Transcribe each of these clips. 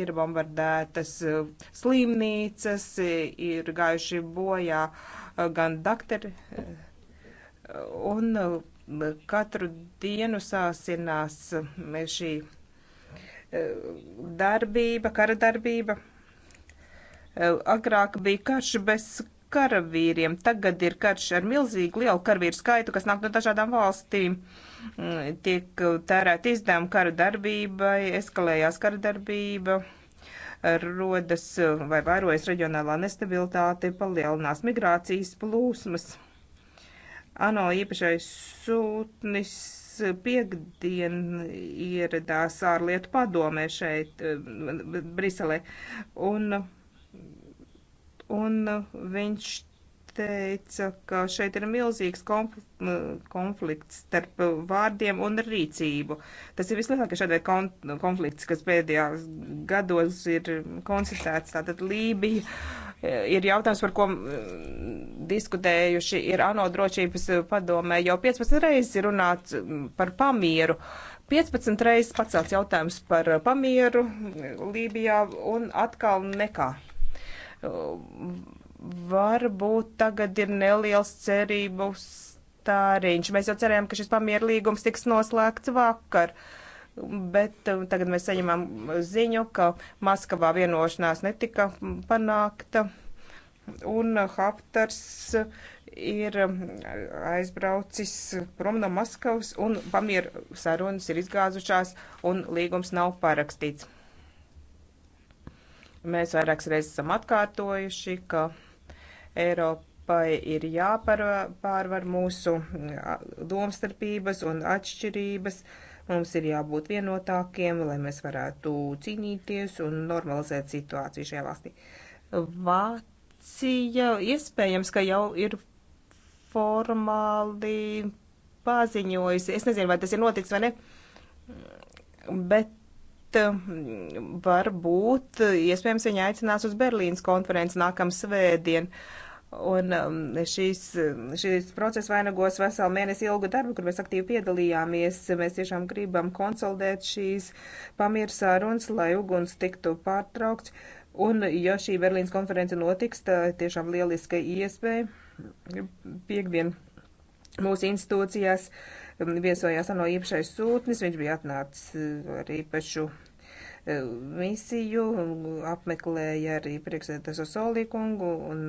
ir bombardētas eh, slimnīcas, eh, ir gājuši bojā eh, gan daktari, un katru dienu sāsinās šī darbība, kara darbība. Agrāk bija karš bez karavīriem. Tagad ir karš ar milzīgu lielu karavīru skaitu, kas nāk no dažādām valstīm. Mm, tiek tērēt izdevumi kara darbībai, eskalējās kara darbība, rodas vai vairojas reģionālā nestabilitāte, palielinās migrācijas plūsmas. ANO īpašais sūtnis piekdien ieradās ārlietu padomē šeit, mm, Briselē. Un Un uh, viņš teica, ka šeit ir milzīgs konflikts starp uh, vārdiem un rīcību. Tas ir vislielākais šādai konflikts, kas pēdējās gados ir konstatēts. Tātad Lībija uh, ir jautājums, par ko diskutējuši ir ANO drošības padomē. Jau 15 reizes ir runāts par pamieru. 15 reizes pacelts jautājums par pamieru Lībijā un atkal nekā varbūt tagad ir neliels cerību stāriņš. Mēs jau cerējām, ka šis pamierlīgums tiks noslēgts vakar. Bet um, tagad mēs saņemam ziņu, ka Maskavā vienošanās netika panākta. Un Haftars ir um, aizbraucis prom no Maskavas un pamieru sarunas ir izgāzušās un līgums nav parakstīts. Mēs vairākas reizes esam atkārtojuši, ka Eiropai ir jāpārvar mūsu domstarpības un atšķirības. Mums ir jābūt vienotākiem, lai mēs varētu cīnīties un normalizēt situāciju šajā valstī. Vācija iespējams, ka jau ir formāli paziņojusi. Es nezinu, vai tas ir noticis vai ne, bet Um, varbūt uh, iespējams viņa aicinās uz Berlīnas konferenci nākamā svētdien. Un um, šīs, um, šīs procesa vainagos veselu mēnesi ilgu darbu, kur mēs aktīvi piedalījāmies. Mēs tiešām gribam konsolidēt šīs pamieru sārunas, lai uguns tiktu pārtraukts. Un, ja šī Berlīnas konference notiks, tā tiešām lieliska iespēja piekdien mūsu institūcijās. Uh, viesojās no īpašais sūtnis, viņš bija atnācis uh, ar īpašu uh, misiju, apmeklēja arī priekšsēdētājs Osolīkungu un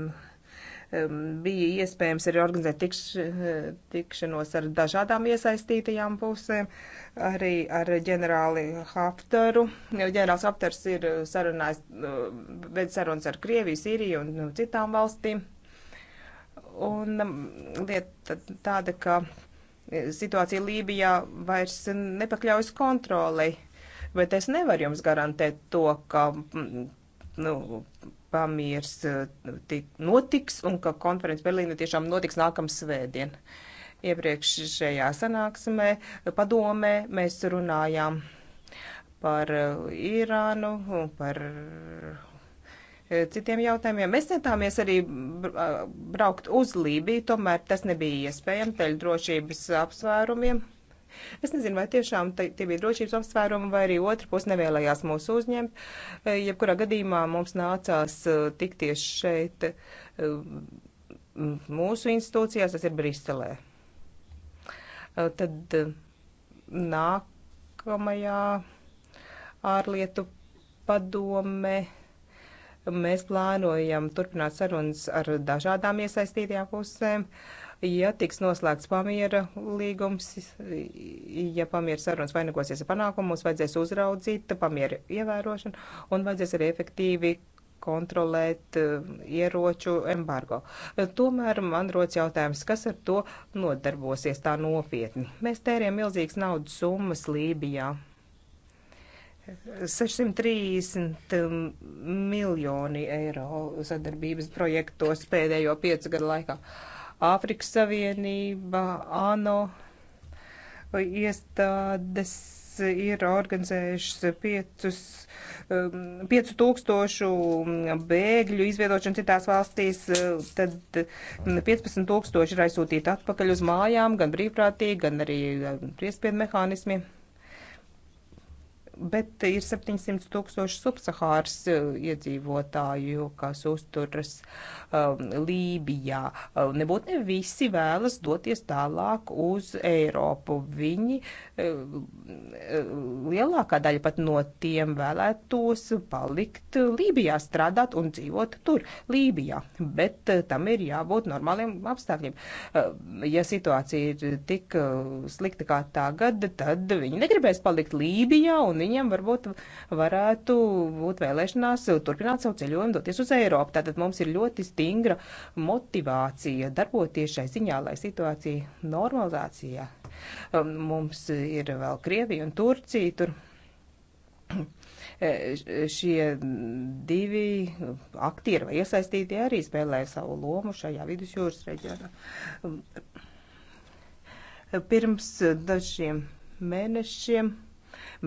um, bija iespējams arī organizēt tikš, uh, tikšanos ar dažādām iesaistītajām pusēm, arī ar ģenerāli Haftaru. Ģenerāls Haftars ir sarunājis, veids sarunas ar Krieviju, Sīriju un citām valstīm. Un um, lieta tāda, ka situācija Lībijā vairs nepakļaujas kontrolei, bet es nevaru jums garantēt to, ka mm, nu, pamiers eh, notiks un ka konferences Berlīnē tiešām notiks nākamā svētdiena. Iepriekšējā sanāksmē, padomē, mēs runājām par eh, Irānu, par E, citiem jautājumiem. Mēs centāmies arī braukt uz Lībiju, tomēr tas nebija iespējams peļu drošības apsvērumiem. Es nezinu, vai tiešām tie bija drošības apsvērumi, vai arī otra puse nevēlējās mūs uzņemt. E, jebkurā gadījumā mums nācās e, tikties šeit mūsu institūcijās, tas ir Briselē. Tad nākamajā ārlietu padome Mēs plānojam turpināt sarunas ar dažādām iesaistītajām pusēm. Ja tiks noslēgts pamiera līgums, ja pamiera sarunas vainagosies ar panākumu, mums vajadzēs uzraudzīt pamiera ievērošanu un vajadzēs arī efektīvi kontrolēt eh, ieroču embargo. Tomēr man rodas jautājums, kas ar to nodarbosies tā nopietni. Mēs tērējam milzīgas naudas summas Lībijā. 630 miljoni eiro sadarbības projektos pēdējo piecu gadu laikā. Āfrikas Savienība, ANO iestādes ir organizējušas piecus, um, piecu tūkstošu bēgļu izviedošanu citās valstīs, tad 15 um, tūkstoši ir aizsūtīti atpakaļ uz mājām, gan brīvprātīgi, gan arī um, priespiedu mehānismiem bet ir 700 tūkstoši subsahāras e, iedzīvotāju, kas uzturas um, Lībijā. E, nebūtu ne visi vēlas doties tālāk uz Eiropu. Viņi, lielākā daļa pat no tiem vēlētos palikt Lībijā, strādāt un dzīvot tur, Lībijā. Bet tam ir jābūt normāliem apstākļiem. Ja situācija ir tik slikta kā tagad, tad viņi negribēs palikt Lībijā un viņiem varbūt varētu būt vēlēšanās turpināt savu ceļojumu, doties uz Eiropu. Tātad mums ir ļoti stingra motivācija darboties šai ziņā, lai situācija normalizācijā. Um, mums ir vēl Krievija un Turcija. Tur e, šie divi aktieri vai iesaistītie arī spēlēja savu lomu šajā vidusjūras reģionā. Um, pirms dažiem mēnešiem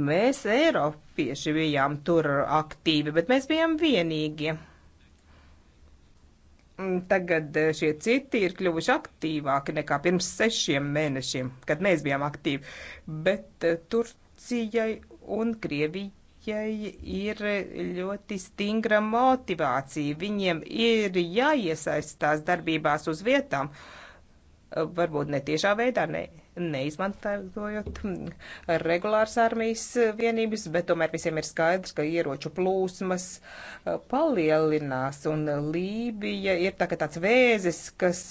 Mēs, Eiropieši, bijām tur aktīvi, bet mēs bijām vienīgie. Tagad eh, šie citi ir kļuvuši aktīvāki nekā pirms sešiem mēnešiem, kad mēs bijām aktīvi. Bet eh, Turcijai un Krievijai Krievijai ir ļoti stingra motivācija. Viņiem ir jāiesaistās darbībās uz vietām, varbūt ne tiešā veidā, ne neizmantojot regulārs armijas vienības, bet tomēr visiem ir skaidrs, ka ieroču plūsmas uh, palielinās, un Lībija ir tā, tāds vēzis, kas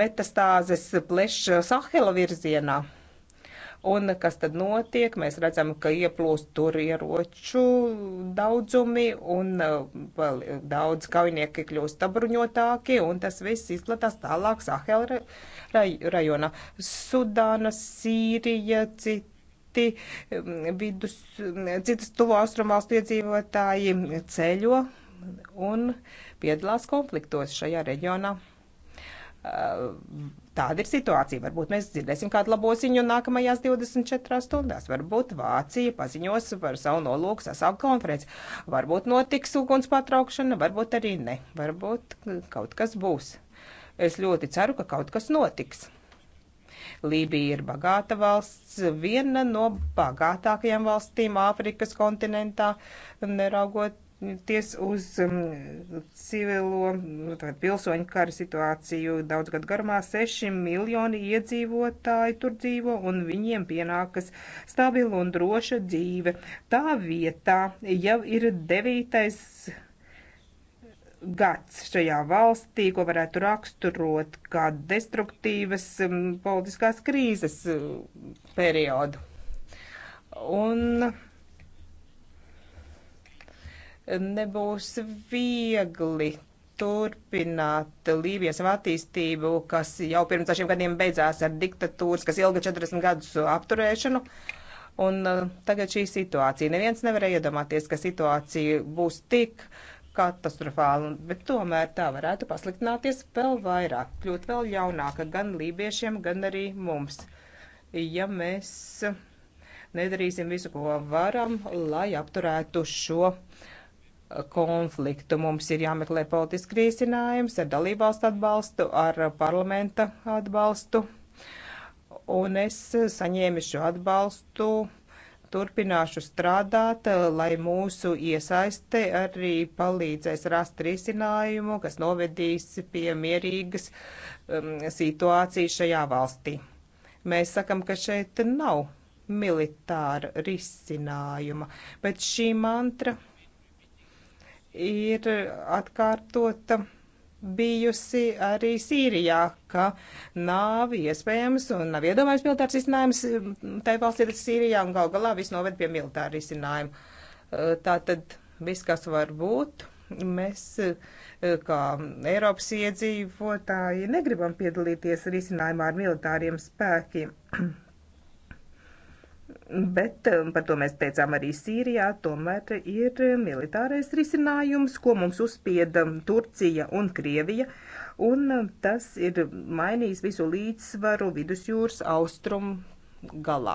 metastāzes pleša Sahela virzienā. Un kas tad notiek? Mēs redzam, ka ieplūst tur ieroču daudzumi un uh, vēl daudz kaujinieki kļūst sabruņotāki un tas viss izplatās tālāk Sahel rajonā. Sudāna, Sīrija, citi um, vidus, citas tuvo austrumvalstu iedzīvotāji ceļo un piedalās konfliktos šajā reģionā. Tāda ir situācija. Varbūt mēs dzirdēsim kādu labo ziņu nākamajās 24 stundās. Varbūt Vācija paziņos par savu nolūku sasaukt konferenci. Varbūt notiks uguns pārtraukšana, varbūt arī ne. Varbūt kaut kas būs. Es ļoti ceru, ka kaut kas notiks. Lībija ir bagāta valsts, viena no bagātākajām valstīm Āfrikas kontinentā, neraugot ties uz um, civilo nu, pilsoņu kara situāciju daudz gadu garumā. Seši miljoni iedzīvotāji tur dzīvo un viņiem pienākas stabila un droša dzīve. Tā vietā jau ir devītais gads šajā valstī, ko varētu raksturot kā destruktīvas um, politiskās krīzes um, periodu. Un nebūs viegli turpināt Lībijas attīstību, kas jau pirms dažiem gadiem beidzās ar diktatūras, kas ilga 40 gadus apturēšanu. Un uh, tagad šī situācija. Neviens nevarēja iedomāties, ka situācija būs tik katastrofāla, bet tomēr tā varētu pasliktināties vēl vairāk, kļūt vēl jaunāka gan lībiešiem, gan arī mums. Ja mēs nedarīsim visu, ko varam, lai apturētu šo uh, konfliktu. Mums ir jāmeklē politiski risinājums ar dalībvalstu atbalstu, ar parlamenta atbalstu. Un es saņēmu šo atbalstu, turpināšu strādāt, lai mūsu iesaiste arī palīdzēs rast risinājumu, kas novedīs pie mierīgas um, situācijas šajā valstī. Mēs sakam, ka šeit nav militāra risinājuma, bet šī mantra ir atkārtota bijusi arī Sīrijā, ka nav iespējams un nav iedomājams militārs risinājums. Um, tai valsts ir Sīrijā un gal galā viss noved pie militāra risinājuma. Uh, tā tad viss, kas var būt, mēs uh, kā Eiropas iedzīvotāji negribam piedalīties risinājumā ar militāriem spēkiem. Bet um, par to mēs teicām arī Sīrijā, tomēr ir militārais risinājums, ko mums uzspieda Turcija un Krievija, un um, tas ir mainījis visu līdzsvaru vidusjūras austrumu galā.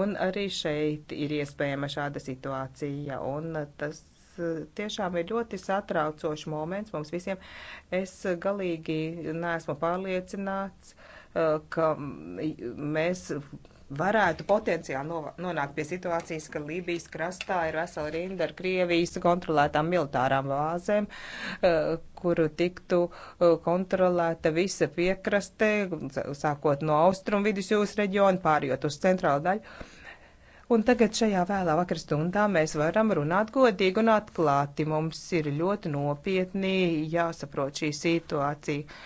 Un arī šeit ir iespējama šāda situācija, un uh, tas uh, tiešām ir ļoti satraucošs moments mums visiem. Es galīgi neesmu pārliecināts, uh, Eh, ka mēs varētu potenciāli nonākt pie situācijas, ka Lībijas krastā ir vesela rinda ar Krievijas kontrolētām militārām vāzēm, eh, kuru tiktu eh, kontrolēta visa piekraste, sākot no austrumu vidusjūras reģiona, pārjot uz centrālu daļu. Un tagad šajā vēlā vakar stundā mēs varam runāt godīgi un atklāti. Mums ir ļoti nopietni jāsaprot šī situācija.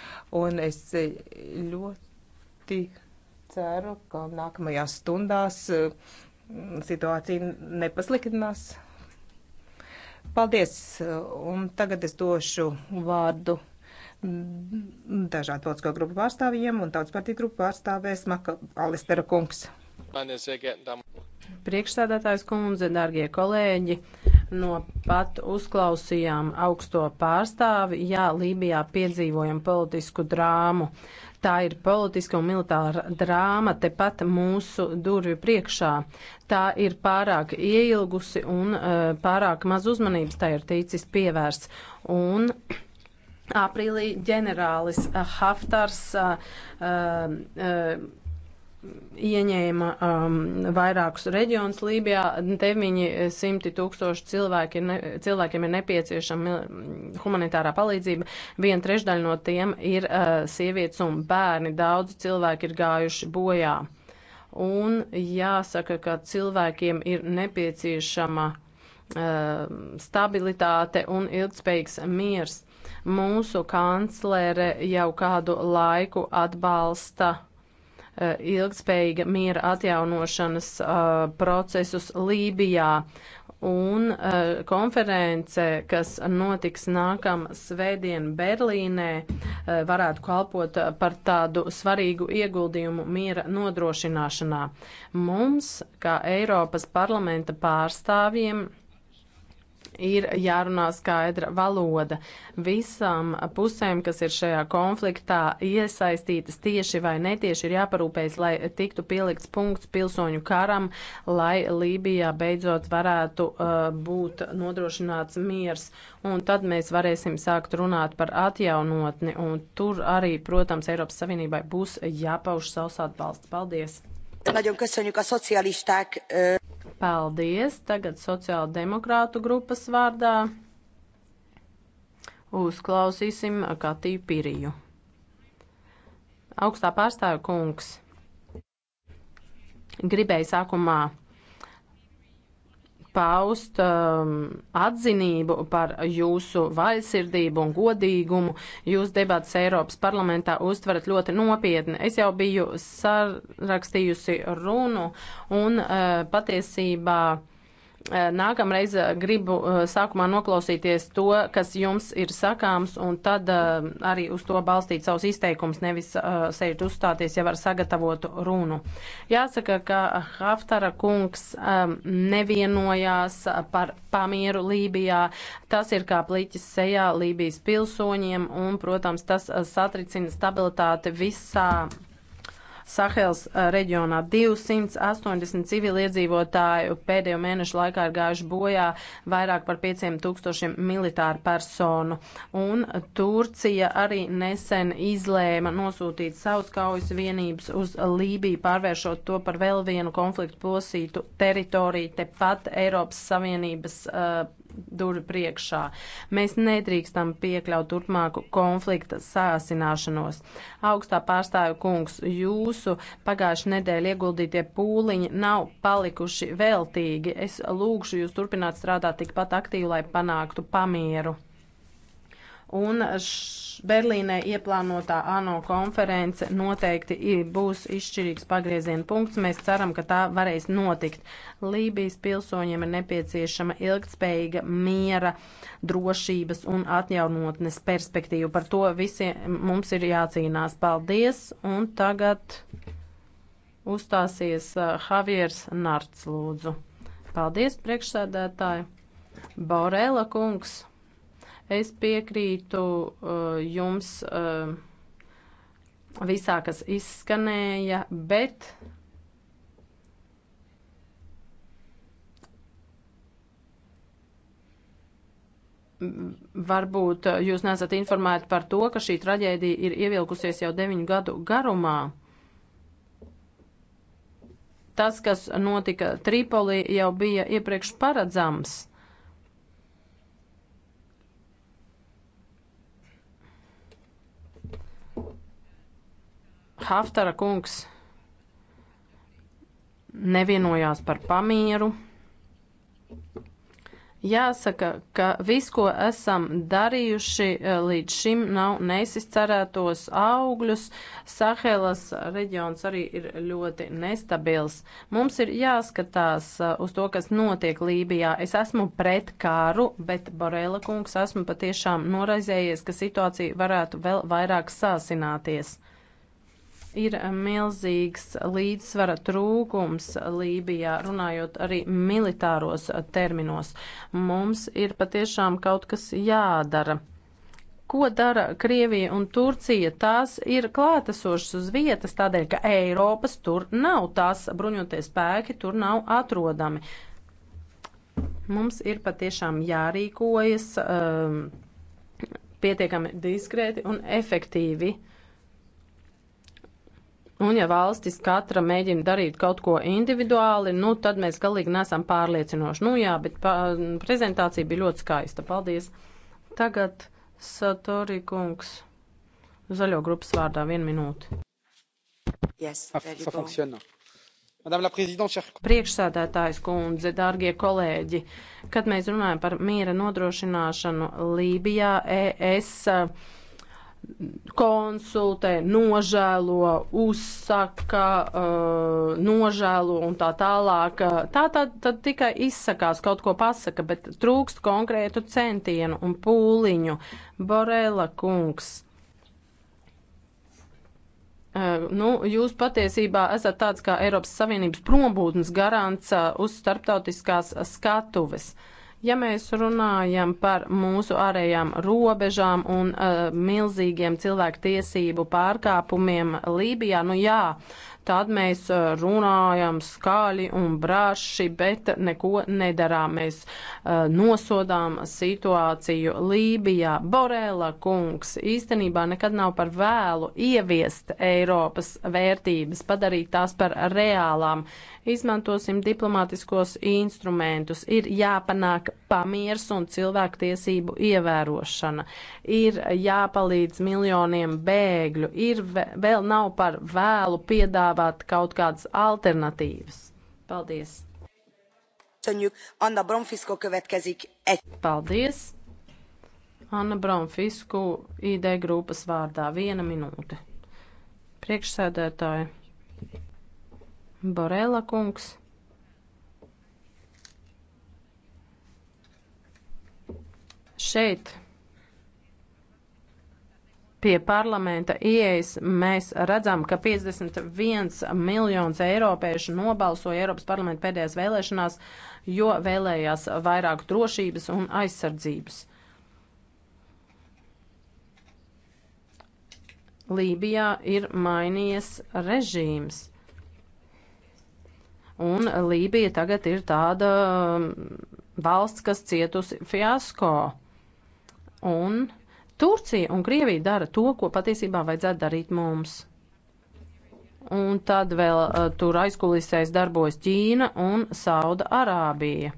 Un es ļoti ļoti ceru, ka nākamajās stundās mm, situācija nepasliktinās. Paldies, un tagad es došu vārdu dažādu politisko grupu pārstāvjiem, un tautas partiju grupu pārstāvēs Maka Alistera kungs. Priekšsēdētājs kundze, dargie kolēģi, no pat uzklausījām augsto pārstāvi, jā, Lībijā piedzīvojam politisku drāmu. Tā ir politiska un militāra drāma tepat mūsu durvju priekšā. Tā ir pārāk ieilgusi un uh, pārāk maz uzmanības tā ir ticis pievērsts. Un aprīlī ģenerālis Haftars. Uh, uh, ieņēma um, vairākus reģionus Lībijā. 900 tūkstoši cilvēki ir ne, cilvēkiem ir nepieciešama mm, humanitārā palīdzība. Viena trešdaļa no tiem ir uh, sievietes un bērni. Daudz cilvēki ir gājuši bojā. Un jāsaka, ka cilvēkiem ir nepieciešama uh, stabilitāte un ilgspējīgs miers. Mūsu kanclere jau kādu laiku atbalsta uh, Eh, ilgspējīga miera atjaunošanas eh, procesus Lībijā. Un uh, konference, kas notiks nākam svētdien Berlīnē, uh, varētu kalpot par tādu svarīgu ieguldījumu miera nodrošināšanā. Mums, kā Eiropas parlamenta pārstāvjiem, ir jārunā skaidra valoda. Visām pusēm, kas ir šajā konfliktā iesaistītas tieši vai netieši, ir jāparūpējas, lai tiktu pielikts punkts pilsoņu karam, lai Lībijā beidzot varētu uh, būt nodrošināts miers. Un tad mēs varēsim sākt runāt par atjaunotni. Un tur arī, protams, Eiropas Savienībai būs jāpauž savs atbalsts. Paldies! Nagyon köszönjük a szocialisták. Uh... Paldies! Tagad sociāla demokrātu grupas vārdā uzklausīsim Katiju Piriju. Augstā pārstāvja kungs gribēju sākumā paust um, atzinību par jūsu vaļsirdību un godīgumu. Jūs debats Eiropas parlamentā uztverat ļoti nopietni. Es jau biju sarakstījusi runu un uh, patiesībā. Eh, nākamreiz eh, gribu eh, sākumā noklausīties to, kas jums ir sakāms, un tad arī uz to balstīt savus izteikumus, nevis sēžat uzstāties jau ar sagatavotu runu. Jāsaka, ka Haftara kungs nevienojās par pamieru Lībijā. Tas ir kā pliķis sejā Lībijas pilsoņiem, un, protams, tas satricina stabilitāti visā Sahels eh, reģionā 280 civiliedzīvotāju pēdējo mēnešu laikā ir gājuši bojā vairāk par 5000 militāru personu. Un Turcija arī nesen izlēma nosūtīt savus kaujas vienības uz Lībiju, pārvēršot to par vēl vienu konfliktu plosītu teritoriju tepat Eiropas Savienības uh, durvju priekšā. Mēs nedrīkstam piekļaut turpmāku konflikta sāsināšanos. Augstā pārstāju kungs, jūsu pagājuši nedēļa ieguldītie pūliņi nav palikuši veltīgi. Es lūgšu jūs turpināt strādāt tikpat aktīvi, lai panāktu pamieru un Berlīnē ieplānotā ANO konference noteikti būs izšķirīgs pagrieziena punkts. Mēs ceram, ka tā varēs notikt. Lībijas pilsoņiem ir nepieciešama ilgtspējīga miera, drošības un atjaunotnes perspektīva. Par to visiem mums ir jācīnās. Paldies! Un tagad uzstāsies uh, Javiers Narts lūdzu. Paldies, priekšsēdētāji! Borēla kungs! Es piekrītu uh, jums uh, visā, kas izskanēja, bet varbūt uh, jūs nesat informēti par to, ka šī traģēdija ir ievilkusies jau deviņu gadu garumā. Tas, kas notika Tripolī, jau bija iepriekš paredzams. Haftara kungs nevienojās par pamieru. Jāsaka, ka viss, ko esam darījuši eh, līdz šim, nav nesis cerētos augļus. Sahelas reģions arī ir ļoti nestabils. Mums ir jāskatās eh, uz to, kas notiek Lībijā. Es esmu pret kāru, bet Borela kungs esmu patiešām noraizējies, ka situācija varētu vēl vairāk sāsināties ir eh, milzīgs līdzsvara trūkums Lībijā, runājot arī militāros eh, terminos. Mums ir patiešām kaut kas jādara. Ko dara Krievija un Turcija? Tās ir klātesošas uz vietas, tādēļ, ka Eiropas tur nav, tās bruņotie spēki tur nav atrodami. Mums ir patiešām jārīkojas um, pietiekami diskrēti un efektīvi. Uh, Un ja valstis katra mēģina darīt kaut ko individuāli, nu tad mēs galīgi nesam pārliecinoši. Nu jā, bet pa, prezentācija bija ļoti skaista. Paldies. Tagad Satori kungs zaļo grupas vārdā vienu minūti. Yes, ah, Priekšsēdētājs kundze, dārgie kolēģi, kad mēs runājam par miera nodrošināšanu Lībijā, ES. Uh, konsultē, nožēlo, uzsaka, uh, nožēlo un tā tālāk. Tā tad, tad tikai izsakās, kaut ko pasaka, bet trūkst konkrētu centienu un pūliņu. Borela kungs. Uh, nu, jūs patiesībā esat tāds kā Eiropas Savienības prombūtnes garants uh, uz starptautiskās skatuves. Uh, Ja mēs runājam par mūsu ārējām robežām un uh, milzīgiem cilvēku tiesību pārkāpumiem Lībijā, nu jā, uh, tad mēs uh, runājam skaļi un braši, bet neko nedarām. Mēs uh, nosodām situāciju Lībijā. Borēla kungs īstenībā nekad nav par vēlu ieviest Eiropas vērtības, padarīt tās par reālām. Izmantosim diplomātiskos instrumentus. Ir jāpanāk pamiers un cilvēktiesību ievērošana. Ir jāpalīdz miljoniem bēgļu. Ir vēl nav par vēlu piedāvāt piedāvāt kaut kādas alternatīvas. Paldies! Anna Bromfisko következik. Paldies! Anna Bromfisku ID grupas vārdā. Viena minūte. Priekšsēdētāji. Borela kungs. Šeit Pie parlamenta ieejas mēs redzam, ka 51 miljonus eiropiešu nobalsoja Eiropas parlamenta pēdējās vēlēšanās, jo vēlējās vairāk drošības un aizsardzības. Lībijā ir mainījies režīms. Un Lībija tagad ir tāda um, valsts, kas cietusi fiasko. Un Turcija un Krievija dara to, ko patiesībā vajadzētu darīt mums. Un tad vēl uh, tur aizkulisēs darbojas Ķīna un Sauda Arābija.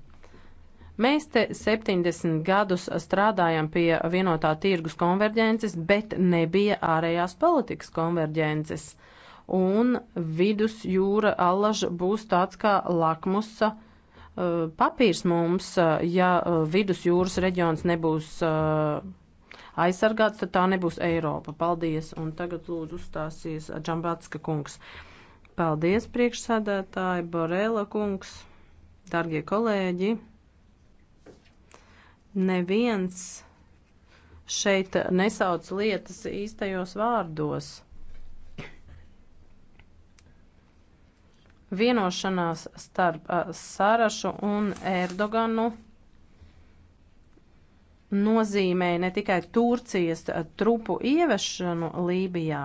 Mēs te 70 gadus strādājam pie vienotā tirgus konverģences, bet nebija ārējās politikas konverģences. Un vidus jūra allaža būs tāds kā lakmusa uh, papīrs mums, uh, ja uh, vidus jūras reģions nebūs. Uh, aizsargāts, tad tā nebūs Eiropa. Paldies! Un tagad lūdzu uzstāsies Džambatska kungs. Paldies, priekšsādātāji, Borela kungs, dargie kolēģi. Neviens šeit nesauc lietas īstajos vārdos. Vienošanās starp Sārašu un Erdoganu nozīmēja ne tikai Turcijas trupu ievešanu Lībijā,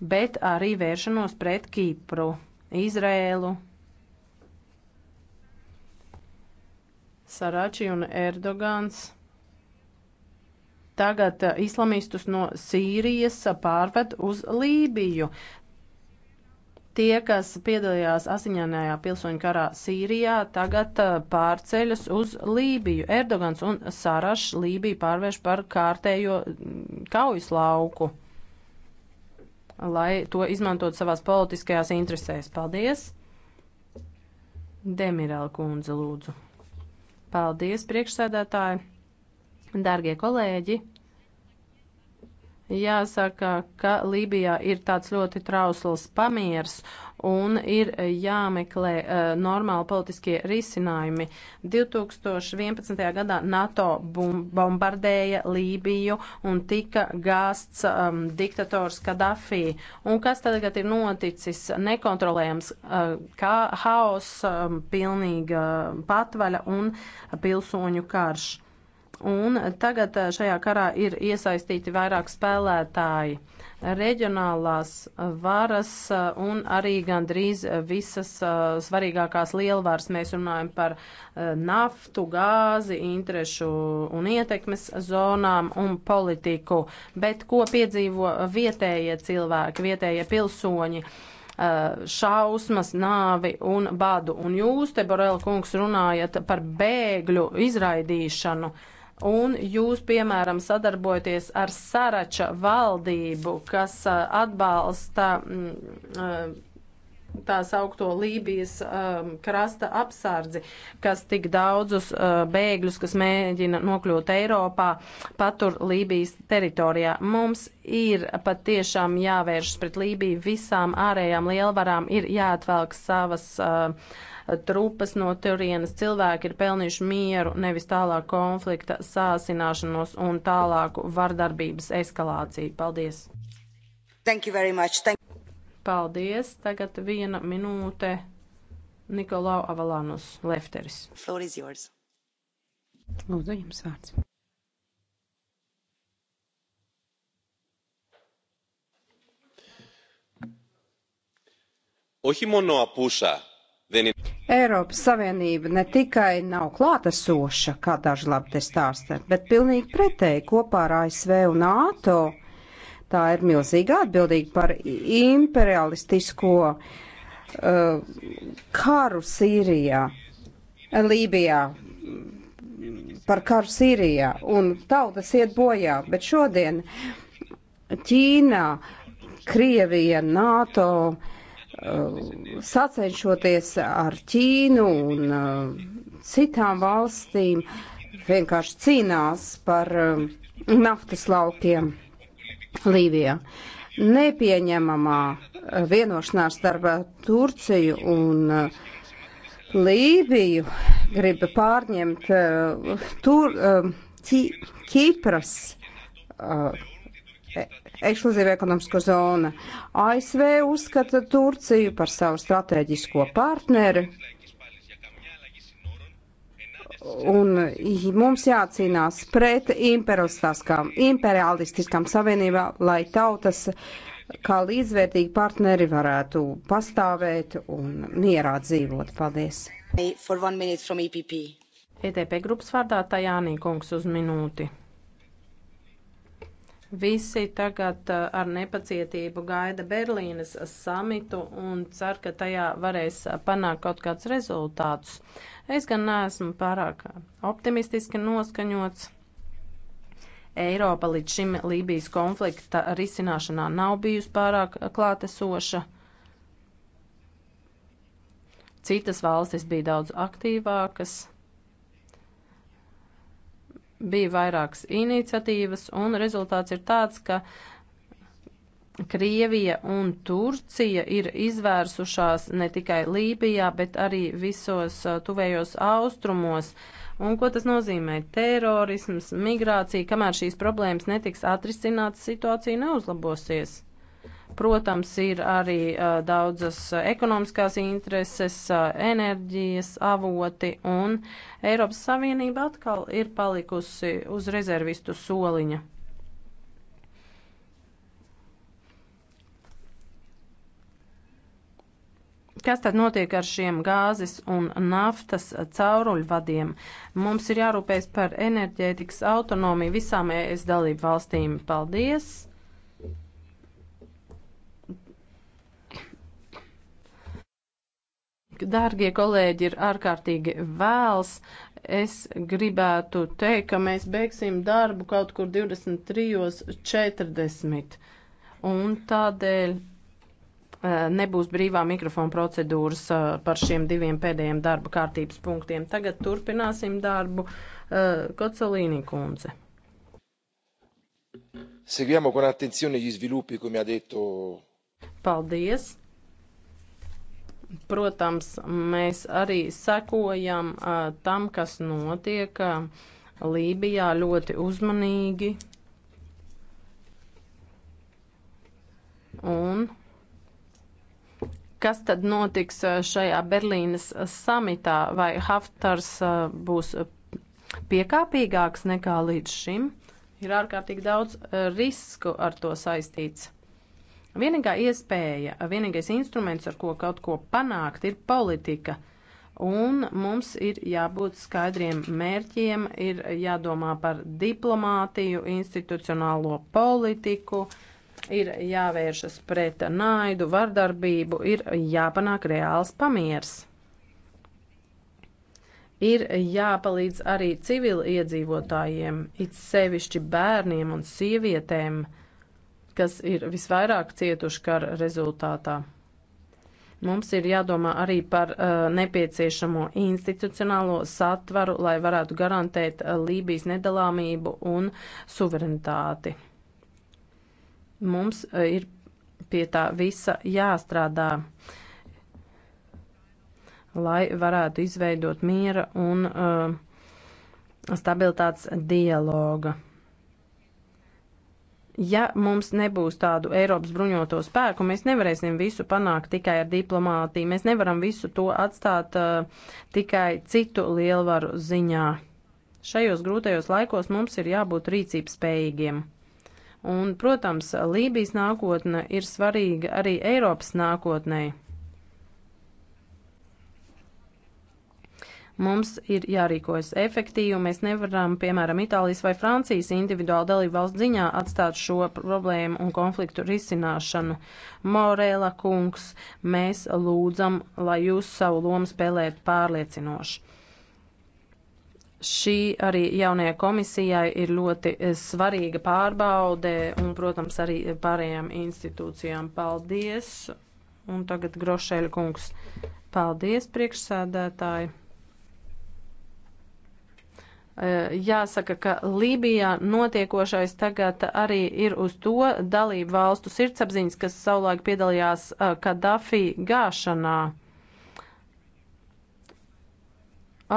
bet arī vēršanos pret Kipru, Izrēlu, Sarači un Erdogans. Tagad islamistus no Sīrijas pārved uz Lībiju. Tie, kas piedalījās asiņainajā pilsoņu karā Sīrijā, tagad uh, pārceļas uz Lībiju. Erdogans un Sarašs Lībiju pārvērš par kārtējo mm, kaujas lauku, lai to izmantot savās politiskajās interesēs. Paldies! Demirēla kundze lūdzu. Paldies, priekšsēdētāji! Dārgie kolēģi! Jāsaka, ka Lībijā ir tāds ļoti trausls pamiers un ir jāmeklē uh, normāli politiskie risinājumi. 2011. gadā NATO bombardēja Lībiju un tika gāsts um, diktators Kadafī. Un kas tagad ir noticis? Nekontrolējams uh, kā haos, um, pilnīga patvaļa un pilsoņu karš un tagad eh, šajā karā ir iesaistīti vairāk spēlētāji reģionālās varas eh, un arī gandrīz visas eh, svarīgākās lielvaras. Mēs runājam par naftu, gāzi, interešu un ietekmes zonām un politiku, bet ko piedzīvo vietējie cilvēki, vietējie pilsoņi šausmas, nāvi un badu. Un jūs, te Borel kungs, runājat par bēgļu izraidīšanu. Uh, un jūs, piemēram, sadarbojaties ar Sarača valdību, kas uh, atbalsta mm, uh, tā saukto Lībijas um, krasta apsardzi, kas tik daudzus uh, bēgļus, kas mēģina nokļūt Eiropā, patur Lībijas teritorijā. Mums ir pat tiešām jāvēršas pret Lībiju visām ārējām lielvarām, ir jāatvelk savas. Uh, trupas no turienes cilvēki ir pelnījuši mieru, nevis tālāk konflikta sāsināšanos un tālāku vardarbības eskalāciju. Paldies! Thank you very much. Thank Paldies. Tagad viena minūte Nikolau Avalanus, Lefteris. Floor is yours. Lūdzu, jums vārds. Όχι μόνο απούσα Eiropas Savienība ne tikai nav klātesoša, kā daži labi te stāsta, bet pilnīgi pretēji kopā ar ASV un NATO. Tā ir milzīga atbildība par imperialistisko uh, karu Sīrijā, Lībijā, par karu Sīrijā, un tautas iet bojā, bet šodien Ķīnā, Krievija, NATO. Uh, Uh, sacenšoties ar Ķīnu un uh, citām valstīm, vienkārši cīnās par uh, naftas laukiem Līvijā. Nepieņemamā vienošanās starp Turciju un Lībiju grib pārņemt tur, Kipras ekskluzīva ekonomisko zona. ASV uzskata Turciju par savu strateģisko partneri. Un mums jācīnās pret imperialistiskām savienībām, lai tautas kā līdzvērtīgi partneri varētu pastāvēt un mierā dzīvot. Paldies! ETP e e grupas vārdā Tajānī kungs uz minūti. Visi tagad uh, ar nepacietību gaida Berlīnes samitu un cer, ka tajā varēs uh, panākt kaut kāds rezultātus. Es gan neesmu pārāk optimistiski noskaņots. Eiropa līdz šim Lībijas konflikta risināšanā nav bijusi pārāk klātesoša. Citas valstis bija daudz aktīvākas bija vairākas iniciatīvas, un rezultāts ir tāds, ka Krievija un Turcija ir izvērsušās ne tikai Lībijā, bet arī visos uh, tuvējos austrumos. Un ko tas nozīmē? Terorisms, migrācija, kamēr šīs problēmas netiks atrisinātas, situācija neuzlabosies. Protams, ir arī uh, daudzas ekonomiskās intereses, uh, enerģijas avoti, un Eiropas Savienība atkal ir palikusi uz rezervistu soliņa. kas tad notiek ar šiem gāzes un naftas cauruļvadiem? Mums ir jārūpējas par enerģētikas autonomiju visām ES dalību valstīm. Paldies! Dārgie kolēģi, ir ārkārtīgi vēls. Es gribētu teikt, ka mēs beigsim darbu kaut kur 23.40. Un tādēļ eh, nebūs brīvā mikrofona procedūras eh, par šiem diviem pēdējiem darba kārtības punktiem. Tagad turpināsim darbu. Eh, Kocelīni kundze. Seguiamo con attenzione gli sviluppi, come ha detto. Paldies. Protams, mēs arī sekojam uh, tam, kas notiek uh, Lībijā ļoti uzmanīgi. Un kas tad notiks šajā Berlīnas samitā? Vai Haftars būs piekāpīgāks nekā līdz šim? Ir ārkārtīgi daudz risku ar to saistīts. Vienīgā iespēja, vienīgais instruments, ar ko kaut ko panākt, ir politika. Un mums ir jābūt skaidriem mērķiem, ir jādomā par diplomātiju, institucionālo politiku, ir jāvēršas pret naidu, vardarbību, ir jāpanāk reāls pamiers. Ir jāpalīdz arī civili iedzīvotājiem, it sevišķi bērniem un sievietēm. Uh, kas ir visvairāk cietuši kara rezultātā. Mums ir jādomā arī par uh, nepieciešamo institucionālo satvaru, lai varētu garantēt uh, Lībijas nedalāmību un suverenitāti. Mums uh, ir pie tā visa jāstrādā, lai varētu izveidot miera un uh, stabilitātes dialoga. Ja mums nebūs tādu Eiropas bruņoto spēku, mēs nevarēsim visu panākt tikai ar diplomātiju. Mēs nevaram visu to atstāt uh, tikai citu lielvaru ziņā. Šajos grūtajos laikos mums ir jābūt rīcības spējīgiem. Un, protams, Lībijas nākotne ir svarīga arī Eiropas nākotnei. Mums ir jārīkojas efektīvi, mēs nevaram, piemēram, Itālijas vai Francijas individuāli dalību valsts ziņā atstāt šo problēmu un konfliktu risināšanu. Morēla kungs, mēs lūdzam, lai jūs savu lomu spēlētu pārliecinoši šī arī jaunajai komisijai ir ļoti eh, svarīga pārbaude un, protams, arī pārējām institūcijām. Paldies! Un tagad Grošēļa kungs. Paldies, priekšsēdētāji! Eh, jāsaka, ka Lībijā notiekošais tagad arī ir uz to dalību valstu sirdsapziņas, kas savulaik piedalījās eh, Kadafi gāšanā.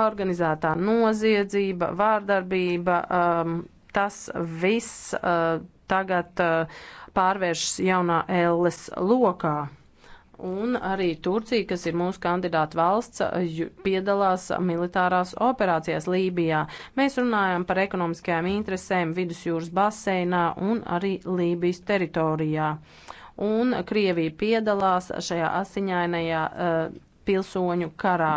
Organizētā noziedzība, vārdarbība, um, tas viss uh, tagad uh, pārvēršas jaunā ēles lokā. Un arī Turcija, kas ir mūsu kandidāta valsts, piedalās militārās operācijās Lībijā. Mēs runājam par ekonomiskajām interesēm vidusjūras baseinā un arī Lībijas teritorijā. Un Krievija piedalās šajā asiņainajā. Uh, pilsoņu karā.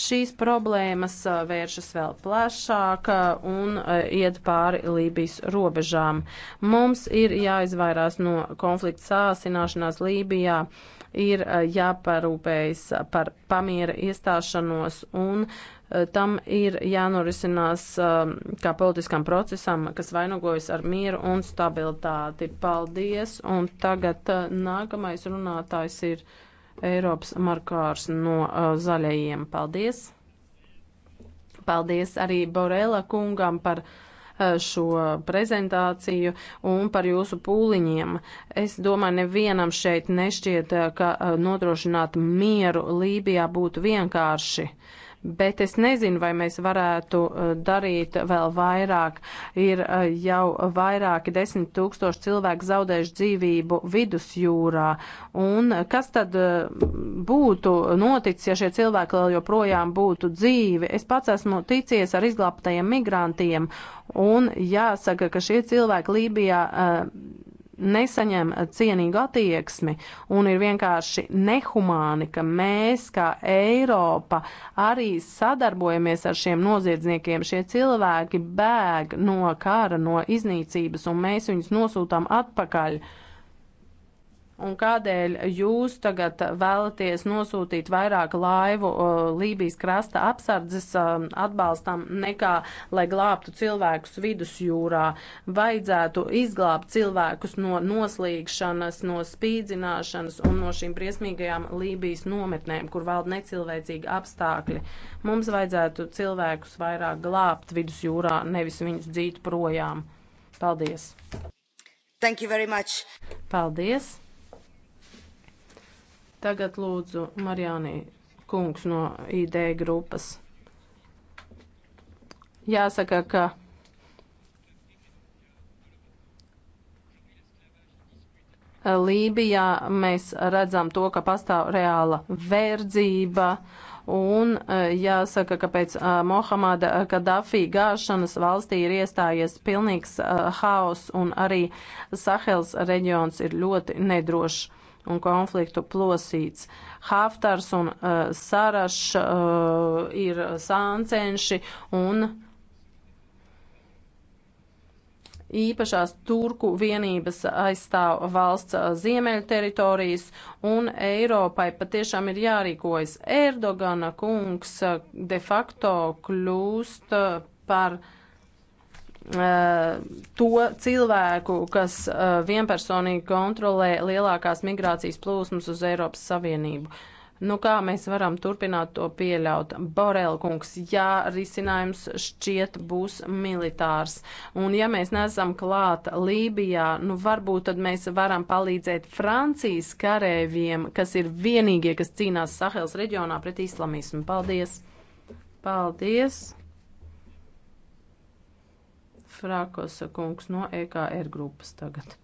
Šīs problēmas eh, vēršas vēl plašāk eh, un iet pāri Lībijas robežām. Mums ir jāizvairās no konflikta sāsināšanās Lībijā. Uh, ir eh, jāparūpējas par pamiera iestāšanos un eh, tam ir jānorisinās eh, kā politiskam procesam, kas vainagojas ar mieru un stabilitāti. Paldies! Un tagad nākamais runātājs ir Eiropas Markārs no Zaļajiem. Paldies! Paldies arī Borela kungam par Eh, šo prezentāciju un par jūsu pūliņiem. Es domāju, nevienam šeit nešķiet, eh, ka eh, nodrošināt mieru Lībijā būtu vienkārši. Uh, bet es nezinu, vai mēs varētu uh, darīt vēl vairāk. Ir uh, jau vairāki desmit tūkstoši cilvēku zaudējuši dzīvību vidusjūrā. Un uh, kas tad būtu noticis, ja šie cilvēki vēl joprojām būtu dzīvi? Es pats esmu ticies ar izglābtajiem migrantiem, un jāsaka, ka šie cilvēki Lībijā nesaņem cienīgu attieksmi un ir vienkārši nehumāni, ka mēs, kā Eiropa, arī sadarbojamies ar šiem noziedzniekiem. Šie cilvēki bēg no kara, no iznīcības, un mēs viņus nosūtām atpakaļ. Uh, Un kādēļ jūs tagad vēlaties nosūtīt vairāk laivu Lībijas krasta apsardzes atbalstam nekā, lai glābtu cilvēkus vidusjūrā? Vajadzētu izglābt cilvēkus no noslīgšanas, no spīdzināšanas un no šīm briesmīgajām Lībijas nometnēm, kur valda necilvēcīgi apstākļi. Mums vajadzētu cilvēkus vairāk glābt vidusjūrā, nevis viņus dzīt projām. Paldies! Thank you very much. Paldies! Tagad lūdzu Marjānī kungs no ID grupas. Jāsaka, ka Lībijā mēs redzam to, ka pastāv reāla verdzība. Un e, jāsaka, ka pēc e, Mohamada Kadafī gāšanas valstī ir iestājies pilnīgs e, haoss un arī Sahels reģions ir ļoti nedrošs un konfliktu plosīts. Haftars un uh, Sarašs uh, ir sāncenši un īpašās turku vienības aizstāv valsts uh, ziemeļu teritorijas, un Eiropai patiešām ir jārīkojas. Erdogana kungs uh, de facto kļūst uh, par uh, Uh, to cilvēku, kas uh, vienpersonīgi kontrolē lielākās migrācijas plūsmas uz Eiropas Savienību. Nu, kā mēs varam turpināt to pieļaut? Borelkungs, jā, risinājums šķiet būs militārs. Un ja mēs nesam klāt Lībijā, nu varbūt tad mēs varam palīdzēt Francijas karēviem, kas ir vienīgie, kas cīnās Sahels reģionā pret islamismu. Paldies! Paldies! Frākosa kungs no EKR grupas tagad.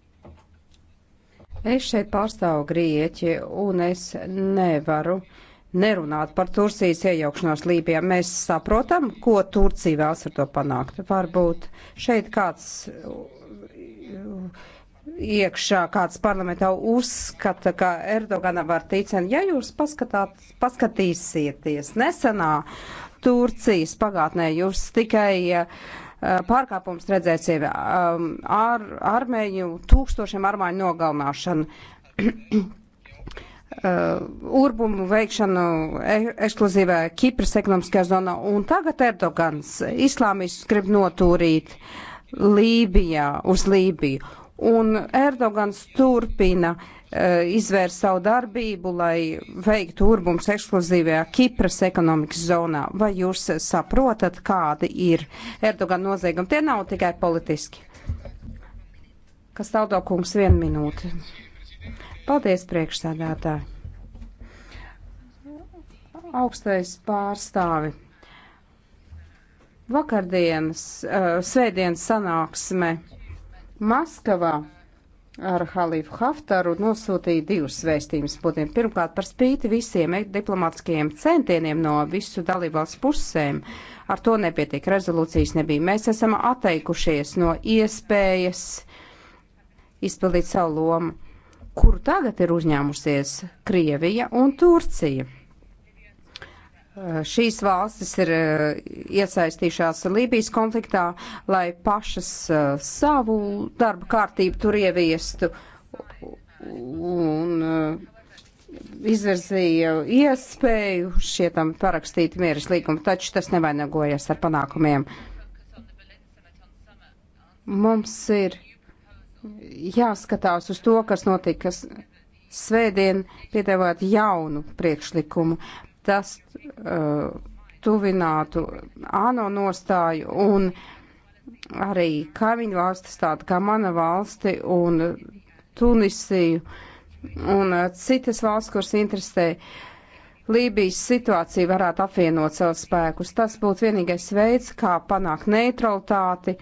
Es šeit pārstāvu Grieķi un es nevaru nerunāt par Turcijas iejaukšanos Lībijā. Mēs saprotam, ko Turcija vēlas ar to panākt. Varbūt šeit kāds iekšā kāds parlamentā uzskata, ka Erdogana var ticēt. Ja jūs paskatāt, paskatīsieties nesenā Turcijas pagātnē, jūs tikai uh, Eh, pārkāpums redzēsim ehm, ar armēņu, tūkstošiem armāņu nogalināšanu. Uh, urbumu veikšanu e ekskluzīvā Kipras ekonomiskajā zonā, un tagad Erdogans islāmistus grib notūrīt Lībijā, uz Lībiju. Un Erdogans turpina uh, Eh, izvērst savu darbību, lai veiktu urbums ekskluzīvajā Kipras ekonomikas zonā. Vai jūs saprotat, kādi ir Erdogan noziegumi? Tie nav tikai politiski. Kas taudo kungs vienu minūti? Paldies, priekšsēdētāji. Augstais pārstāvi. Vakardienas, uh, svētdienas sanāksme Maskavā ar Halifu Haftaru nosūtīja divus vēstījumus. Pirmkārt, par spīti visiem e- diplomātiskajiem centieniem no visu dalībvalsts pusēm, ar to nepietiek rezolūcijas nebija. Mēs esam atteikušies no iespējas izpildīt savu lomu, kuru tagad ir uzņēmusies Krievija un Turcija. Eh, šīs valstis ir eh, iesaistījušās Lībijas konfliktā, lai pašas eh, savu darba kārtību tur ieviestu un izvirzīja iespēju šietam parakstīt mieras līgumu, taču tas nevainagojas ar panākumiem. Mums ir jāskatās uz to, kas notika svētdien, piedāvāt jaunu priekšlikumu tas uh, tuvinātu ANO nostāju un arī kaimiņu valstis tādu kā mana valsti un Tunisiju un uh, citas valsts, kuras interesē Lībijas situācija varētu apvienot savus spēkus. Tas būtu vienīgais veids, kā panākt neutralitāti,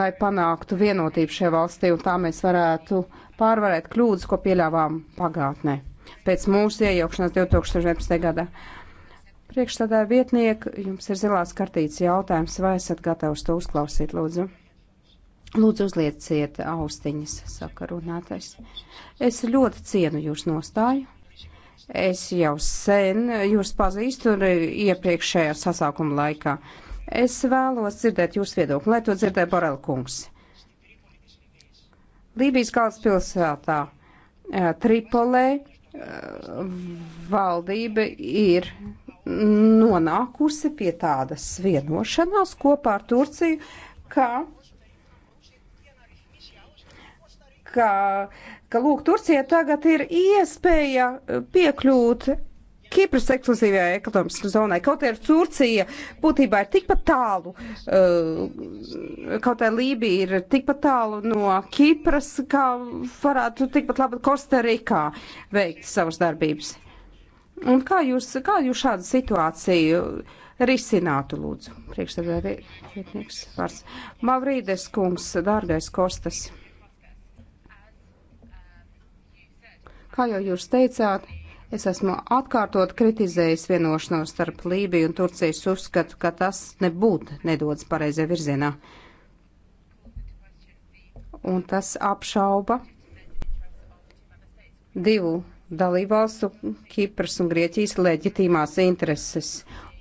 lai panāktu vienotību šajā valstī, un tā mēs varētu pārvarēt kļūdas, ko pieļāvām pagātnē pēc mūsu iejaukšanās 2011. gadā. Priekšstādā vietnieku, jums ir zilās kartītes jautājums, vai esat gatavs to uzklausīt, lūdzu? Lūdzu, uzlieciet austiņas, saka runātais. Es ļoti cienu jūsu nostāju. Es jau sen jūs pazīstu iepriekšējā sasākuma laikā. Es vēlos dzirdēt jūsu viedokli, lai to dzirdē Borel kungs. Lībijas galvaspilsētā eh, Tripolē valdība ir nonākusi pie tādas vienošanās kopā ar Turciju, ka, ka, ka lūk, Turcija tagad ir iespēja piekļūt Kipras ekskluzīvajai ekonomiskajai zonai, kaut arī Turcija būtībā ir tikpat tālu, eh, kaut arī Lībija ir tikpat tālu no Kipras, kā varētu tikpat labi Kostarikā veikt savas darbības. Un kā jūs, kā jūs šādu situāciju risinātu, lūdzu, priekšsēdētājs vārds? Mavrīdes kungs, dārgais Kostas. Kā jau jūs teicāt, Es esmu atkārtot kritizējis vienošanos starp Lībiju un Turciju. Es uzskatu, ka tas nebūtu nedodas pareizajā virzienā. Un tas apšauba divu dalībvalstu, Kipras un Grieķijas leģitīmās intereses.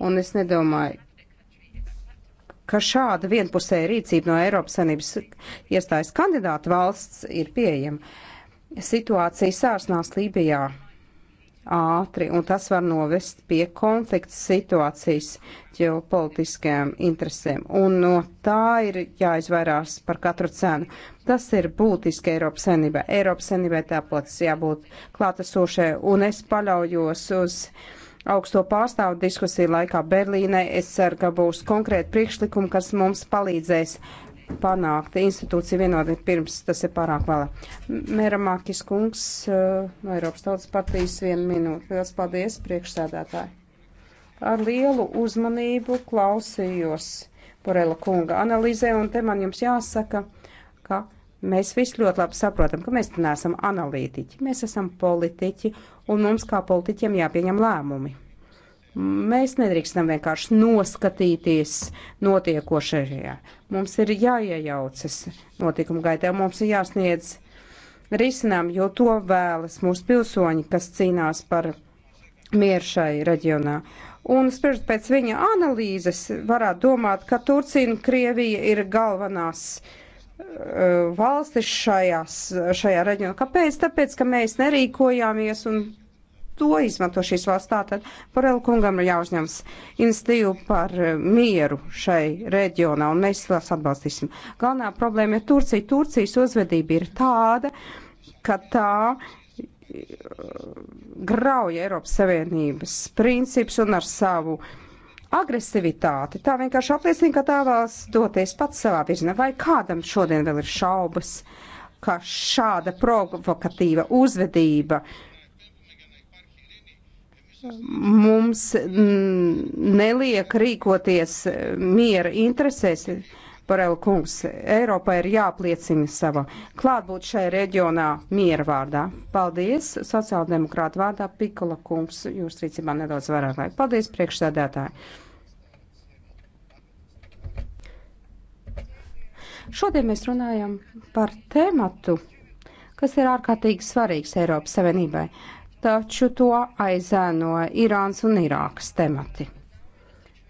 Un es nedomāju, ka šāda vienpusēja rīcība no Eiropas Sanības iestājas kandidāta valsts ir pieejama. Situācija sārsnās Lībijā ātri, un tas var novest pie konflikta situācijas ģeopolitiskajām interesēm. Un no tā ir jāizvairās par katru cenu. Tas ir būtiski Eiropas senībai. Eiropas senībai tāpēc jābūt klātesošai, un es paļaujos uz augsto pārstāvu diskusiju laikā Berlīnē. Es ceru, ka būs konkrēti priekšlikumi, kas mums palīdzēs panākt institūciju vienotni pirms tas ir pārāk vēla. Mēra Mākis kungs eh, no Eiropas Tautas partijas vienu minūti. Liels paldies, priekšsēdētāji. Ar lielu uzmanību klausījos Porela kunga analīzē, un te man jums jāsaka, ka mēs visi ļoti labi saprotam, ka mēs neesam analītiķi, mēs esam politiķi, un mums kā politiķiem jāpieņem lēmumi. Mēs nedrīkstam vienkārši noskatīties notiekošajā. Mums ir jāiejaucas notikuma gaitā, mums ir jāsniedz risinām, jo to vēlas mūsu pilsoņi, kas cīnās par mieru šai reģionā. Un spriežot pēc viņa analīzes, varētu domāt, ka Turcija un Krievija ir galvenās uh, valstis šajās, šajā reģionā. Kāpēc? Tāpēc, ka mēs nerīkojāmies un to izmanto šīs valsts. Tātad Porel kungam ir jāuzņems institīvu par eh, mieru šai reģionā, un mēs tās atbalstīsim. Galvenā problēma ir Turcija. Turcijas uzvedība ir tāda, ka tā eh, grauja Eiropas Savienības princips un ar savu agresivitāti. Tā vienkārši apliecina, ka tā vēlas doties pats savā virzienā. Vai kādam šodien vēl ir šaubas, ka šāda provokatīva uzvedība uh, mums neliek rīkoties miera interesēs. Borel kungs, Eiropā ir jāpliecina sava klātbūt šai reģionā miera vārdā. Paldies, sociāldemokrāta vārdā Pikola kungs, jūs rīcībā nedaudz vairāk laika. Paldies, priekšsēdētāji. Šodien mēs runājam par tēmatu, kas ir ārkārtīgi svarīgs Eiropas Savienībai. Uh, taču to aizēnoja Irāns un Irākas temati.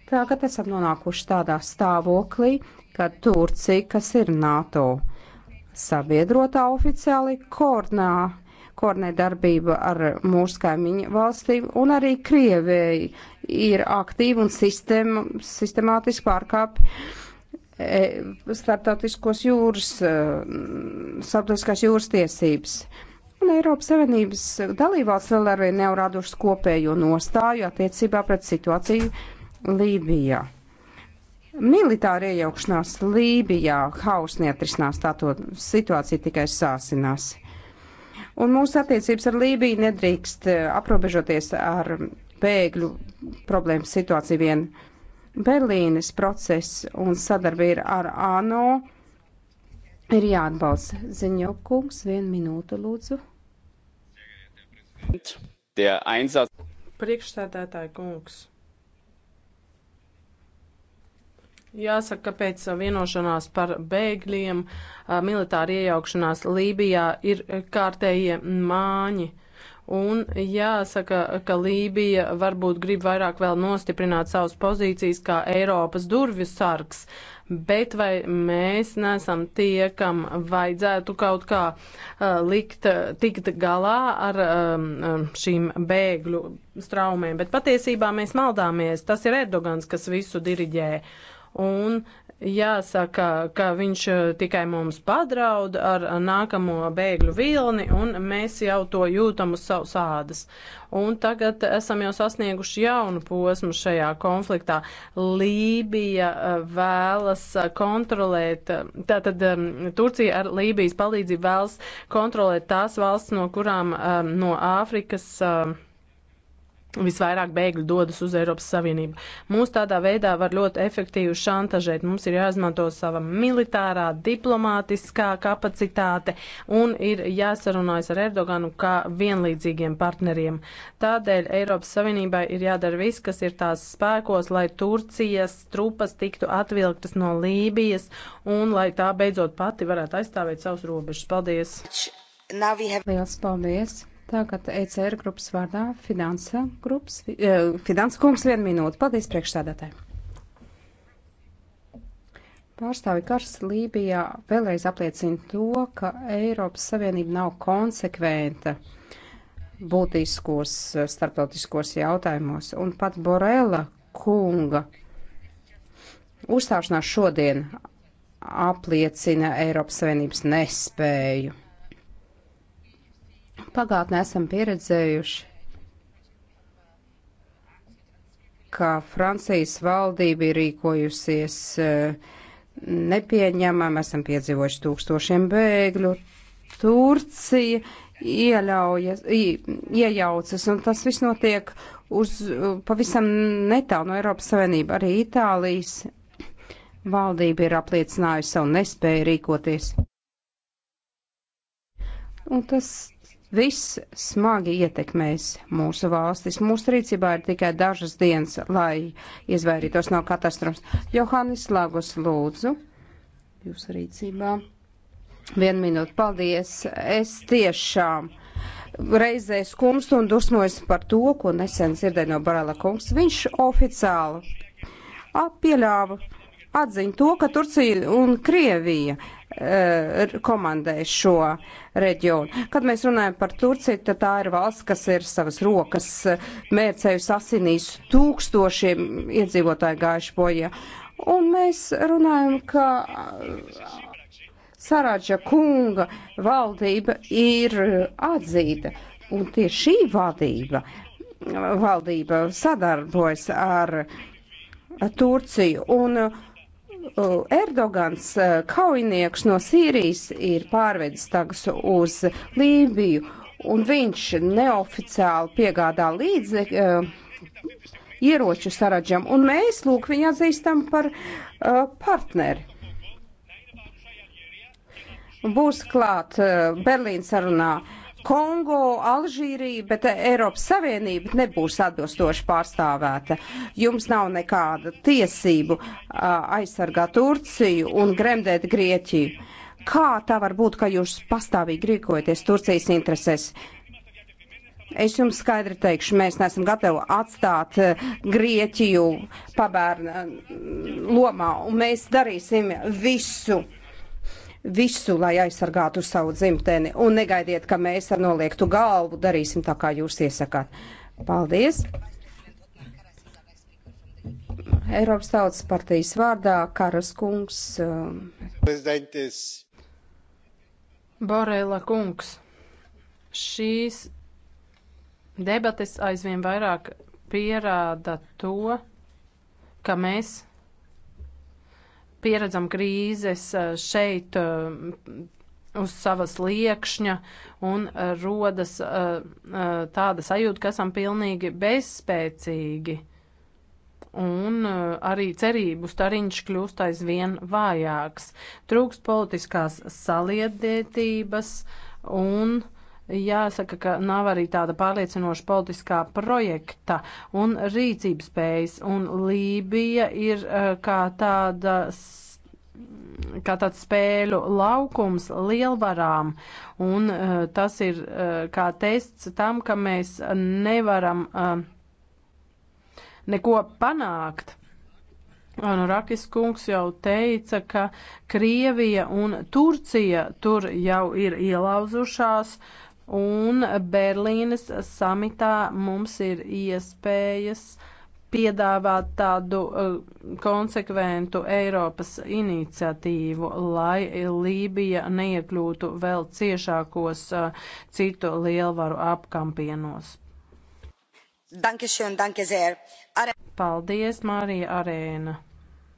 Tagad esam nonākuši tādā stāvoklī, ka Turcija, kas ir NATO sabiedrotā oficiāli, koordinā, koordinē darbību ar mūsu kaimiņu valstīm, un arī Krievijai ir aktīvi un sistem, sistemātiski pārkāpj e, starptautiskos jūras, e, starptautiskās jūras tiesības. Un Eiropas Savienības dalībvalsts vēl arvien nav rādušas kopējo nostāju attiecībā pret situāciju Lībijā. Militāra iejaukšanās Lībijā haus neatrisinās, tā to situācija tikai sāsinās. Un mūsu attiecības ar Lībiju nedrīkst eh, aprobežoties ar bēgļu problēmas situāciju vien. Berlīnes process un sadarbība ar ANO ir jāatbalsta. Ziņo kungs, vienu minūtu lūdzu. Priekšsēdētāji kungs. Jāsaka, ka pēc vienošanās par bēgļiem militāra iejaukšanās Lībijā ir kārtējie māņi. Un jāsaka, ka Lībija varbūt grib vairāk vēl nostiprināt savas pozīcijas kā Eiropas durvju sargs. Uh, bet vai mēs nesam tie, kam vajadzētu kaut kā uh, likt, uh, tikt galā ar um, um, šīm bēgļu straumēm, bet patiesībā mēs maldāmies, tas ir Erdogans, kas visu diriģē. Un Jāsaka, ka viņš eh, tikai mums padraud ar nākamo bēgļu vilni, un mēs jau to jūtam uz savu sādas. Un tagad esam jau sasnieguši jaunu posmu šajā konfliktā. Lībija eh, vēlas eh, kontrolēt, tātad Turcija ar Lībijas palīdzību vēlas kontrolēt tās valsts, no kurām no Āfrikas visvairāk bēgļu dodas uz Eiropas Savienību. Mūs tādā veidā var ļoti efektīvi šantažēt. Mums ir jāizmanto sava militārā, diplomātiskā kapacitāte un ir jāsarunājas ar Erdoganu kā vienlīdzīgiem partneriem. Tādēļ Eiropas Savienībai ir jādara viss, kas ir tās spēkos, lai Turcijas trupas tiktu atvilktas no Lībijas un lai tā beidzot pati varētu aizstāvēt savus robežas. Paldies! Have... Liels paldies! Tagad ECR grupas vārdā finansa grupas, eh, finansa kungs vienu minūti. Paldies priekšstādātāji. Pārstāvi kars Lībijā vēlreiz apliecina to, ka Eiropas Savienība nav konsekventa būtiskos eh, starptautiskos jautājumos. Un pat Borela kunga uzstāšanās šodien apliecina Eiropas Savienības nespēju. Pagātnē esam pieredzējuši, ka Francijas valdība ir rīkojusies eh, nepieņemam, esam piedzīvojuši tūkstošiem bēgļu. Turcija ieļaujas, iejaucas, un tas viss notiek uz pavisam netālu no Eiropas Savienība. Arī Itālijas valdība ir apliecinājusi savu nespēju rīkoties. Un tas Viss smagi ietekmēs mūsu valstis. Mūsu rīcībā ir tikai dažas dienas, lai izvairītos no katastrofas. Johannis Lagos lūdzu, jūsu rīcībā. Vienu minūti, paldies. Es tiešām reizē skumstu un dusmojos par to, ko nesen dzirdēju no Barala kungs. Viņš oficiāli pieļāva atziņu to, ka Turcija un Krievija Eh, komandē šo reģionu. Kad mēs runājam par Turciju, tad tā ir valsts, kas ir savas rokas mērcējusi asinīs tūkstošiem iedzīvotāju gājuši bojā. Un mēs runājam, ka eh, Sarāģa kunga valdība ir eh, atzīta. Un tieši šī valdība, valdība sadarbojas ar Turciju. Un, uh, Erdogans kaujinieks no Sīrijas ir pārvedis tagus uz Lībiju, un viņš neoficiāli piegādā līdzi uh, ieroču saradžam, un mēs, lūk, viņu atzīstam par uh, partneri. Būs klāt uh, Berlīnas sarunā uh, Kongo, Alžīrija, bet Eiropas Savienība nebūs atbilstoši pārstāvēta. Jums nav nekāda tiesību aizsargāt Turciju un gremdēt Grieķiju. Kā tā var būt, ka jūs pastāvīgi rīkojaties Turcijas interesēs? Es jums skaidri teikšu, mēs neesam gatavi atstāt Grieķiju pabērna mm, lomā, un mēs darīsim visu visu, lai aizsargātu savu dzimteni, un negaidiet, ka mēs ar noliektu galvu darīsim tā, kā jūs iesakāt. Paldies! Eiropas Tautas partijas vārdā Karas kungs. Um, Prezidentis. Borela kungs. Šīs debates aizvien vairāk pierāda to, ka mēs pieredzam krīzes eh, šeit eh, uz savas liekšņa un eh, rodas tāda sajūta, ka esam pilnīgi bezspēcīgi. Un arī cerību stariņš kļūst aizvien vājāks. Trūkst politiskās saliedētības un uh, Jāsaka, ka nav arī tāda pārliecinoša politiskā projekta un rīcības spējas, un Lībija ir eh, kā tāda kā tāds spēļu laukums lielvarām, un uh, tas ir uh, kā tests tam, ka mēs nevaram uh, neko panākt. Un Rakis kungs jau teica, ka Krievija un Turcija tur jau ir ielauzušās, uh, Un Berlīnes samitā mums ir iespējas piedāvāt tādu uh, konsekventu Eiropas iniciatīvu, lai Lībija neiekļūtu vēl ciešākos uh, citu lielvaru apkampienos. Danke schön, danke sehr. Are... Paldies, Marija Arēna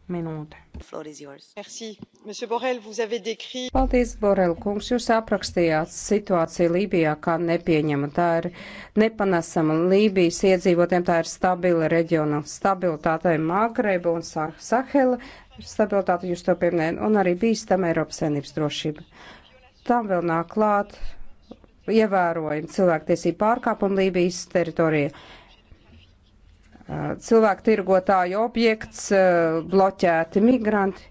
minūte. Paldies, Borel kungs, jūs aprakstījāt situāciju Lībijā kā nepieņema. Tā ir nepanesama Lībijas iedzīvotiem, tā ir stabila reģiona stabilitāte Māgreba un Sahela stabilitāte, jūs to pieminējat, un arī bīstam Eiropas saimnības drošība. Tam vēl nāk klāt ievērojami cilvēktiesību pārkāpumi Lībijas teritorijā cilvēku tirgotāju objekts, eh, bloķēti migranti.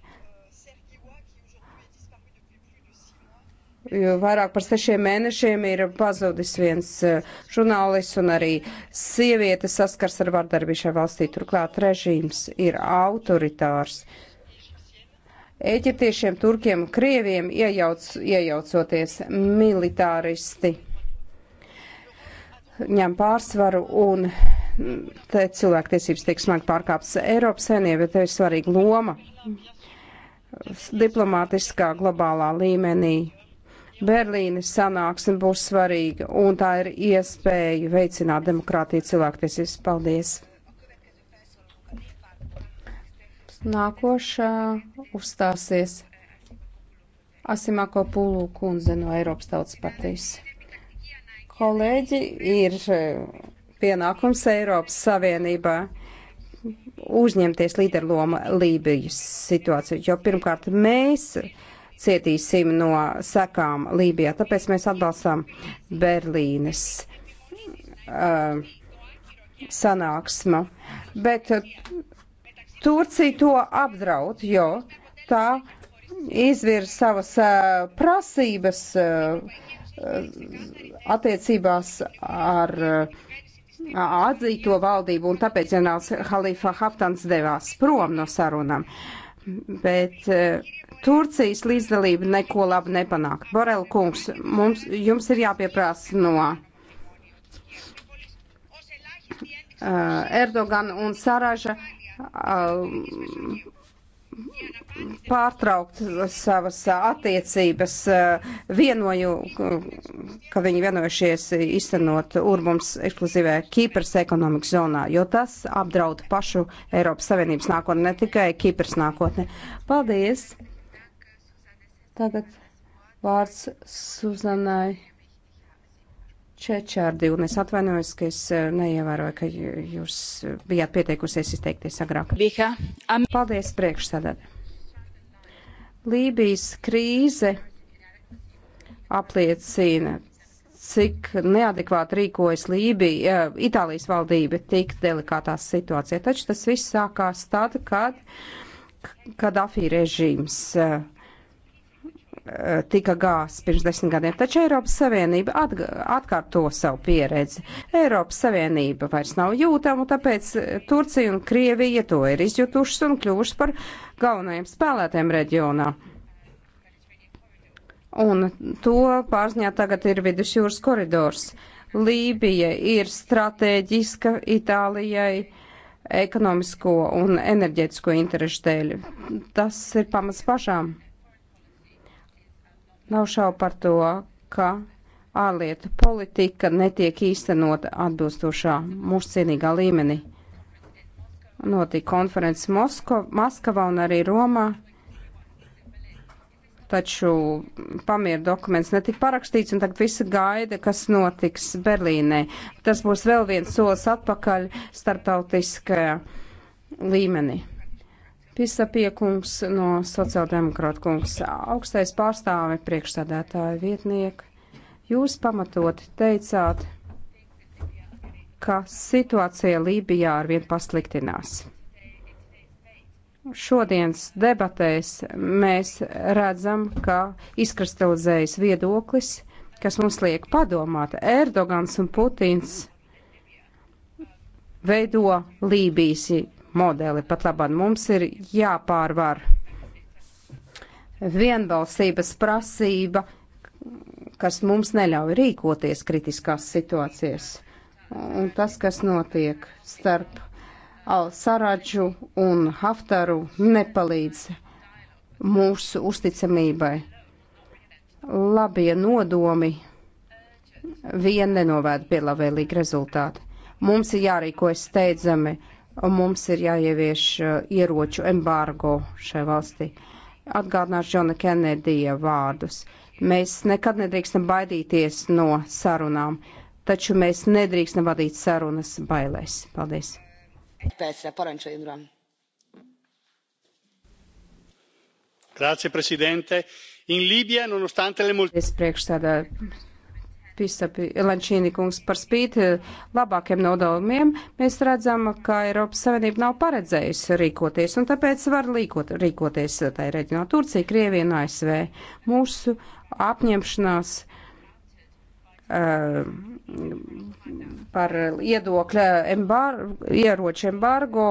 Jo vairāk par sešiem mēnešiem ir pazudis viens eh, žurnālists un arī sieviete saskars ar vardarbību šajā valstī. Turklāt režīms ir autoritārs. Eģiptiešiem, turkiem, krieviem iejauc, iejaucoties militāristi ņem pārsvaru un Te cilvēktiesības tiek smagi pārkāptas Eiropas saimniecība, bet te ir svarīga loma diplomātiskā globālā līmenī. Berlīnes sanāksme būs svarīga, un tā ir iespēja veicināt demokrātiju cilvēktiesības. Paldies! Nākošā uzstāsies Asimako Pulu kundze no Eiropas tautas partijas. Kolēģi ir pienākums Eiropas Savienībā uzņemties līderloma Lībijas situāciju, jo pirmkārt mēs cietīsim no sekām Lībijā, tāpēc mēs atbalstām Berlīnes uh, sanāksmu. Bet uh, Turcija to apdraud, jo tā izvir savas uh, prasības uh, uh attiecībās ar uh, atzīto valdību, un tāpēc ģenerāls Halifa Haftans devās prom no sarunām. Bet uh, Turcijas līdzdalība neko labu nepanāk. Borel kungs, mums, jums ir jāpieprasa no uh, e, Erdogana un Saraža. Uh, pārtraukt savas uh, attiecības, uh, vienoju, ka viņi vienojušies iztenot urbums ekskluzīvē Kīpras ekonomikas zonā, jo tas apdraud pašu Eiropas Savienības nākotni, ne tikai Kīpras nākotni. Paldies! Tagad vārds Suzanai Čečārdi, un es atvainojos, ka es eh, neievēroju, ka jūs bijāt pieteikusies izteikties agrāk. Paldies priekšsēdētāji. Lībijas krīze apliecina, cik neadekvāti rīkojas Lībija, eh, Itālijas valdība tik delikātā situācijā. Taču tas viss sākās tad, kad Kadafī režīms uh, Eh, tika gāsts pirms desmit gadiem, taču Eiropas Savienība atg atkārto savu pieredzi. Eiropas Savienība vairs nav jūtama, tāpēc eh, Turcija un Krievija to ir izjutušas un kļuvušas par galvenajiem spēlētēm reģionā. Un to pārziņā tagad ir vidusjūras koridors. Lībija ir stratēģiska Itālijai ekonomisko un enerģetisko interešu dēļ. Tas ir pamats pašām. Nav šau par to, ka ārlietu politika netiek īstenota atbilstošā mūsu cienīgā līmenī. Notika konferences Mosko, Maskavā un arī Romā, taču pamieru dokuments netika parakstīts, un tagad visi gaida, kas notiks Berlīnē. Tas būs vēl viens solis atpakaļ starptautiskajā līmenī. Pisapiekums no sociāldemokrāta kungs, augstais pārstāve priekšsādātāja vietnieka. Jūs pamatoti teicāt, ka situācija Lībijā arvien pasliktinās. Šodienas debatēs mēs redzam, ka izkristalizējas viedoklis, kas mums liek padomāt, Erdogans un Putins veido Lībijas modeli. Pat labāk mums ir jāpārvar vienbalsības prasība, kas mums neļauj rīkoties kritiskās situācijas. Un tas, kas notiek starp Al-Saradžu un Haftaru, nepalīdz mūsu uzticamībai. Labie nodomi vien nenovērt pie labvēlīga rezultāta. Mums ir jārīkojas steidzami un mums ir jāievieš uh, ieroču embargo šai valstī. Atgādināšu Džona Kenedija vārdus. Mēs nekad nedrīkstam baidīties no sarunām, taču mēs nedrīkstam vadīt sarunas bailēs. Paldies! Grazie, Presidente. In Libia, nonostante le molti... Pisapi Lančīni kungs par spīti labākiem nodomiem, mēs redzam, ka Eiropas Savienība nav paredzējusi rīkoties, un tāpēc var līkot, rīkoties tā ir reģionā Turcija, Krievija un ASV. Mūsu apņemšanās uh, par iedokļa embar ieroču embargo,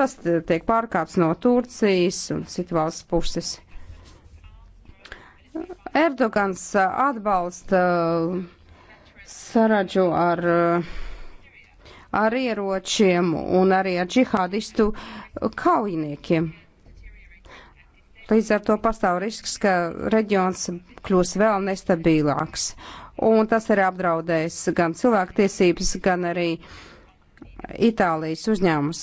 tas tiek pārkāps no Turcijas un citu valsts puses. Erdogans uh, atbalsta uh, saradžu ar, uh, ar ieročiem un arī ar džihādistu kaujiniekiem. Līdz ar to pastāv risks, ka reģions kļūs vēl nestabilāks. Un tas arī apdraudēs gan cilvēktiesības, gan arī Itālijas uzņēmums.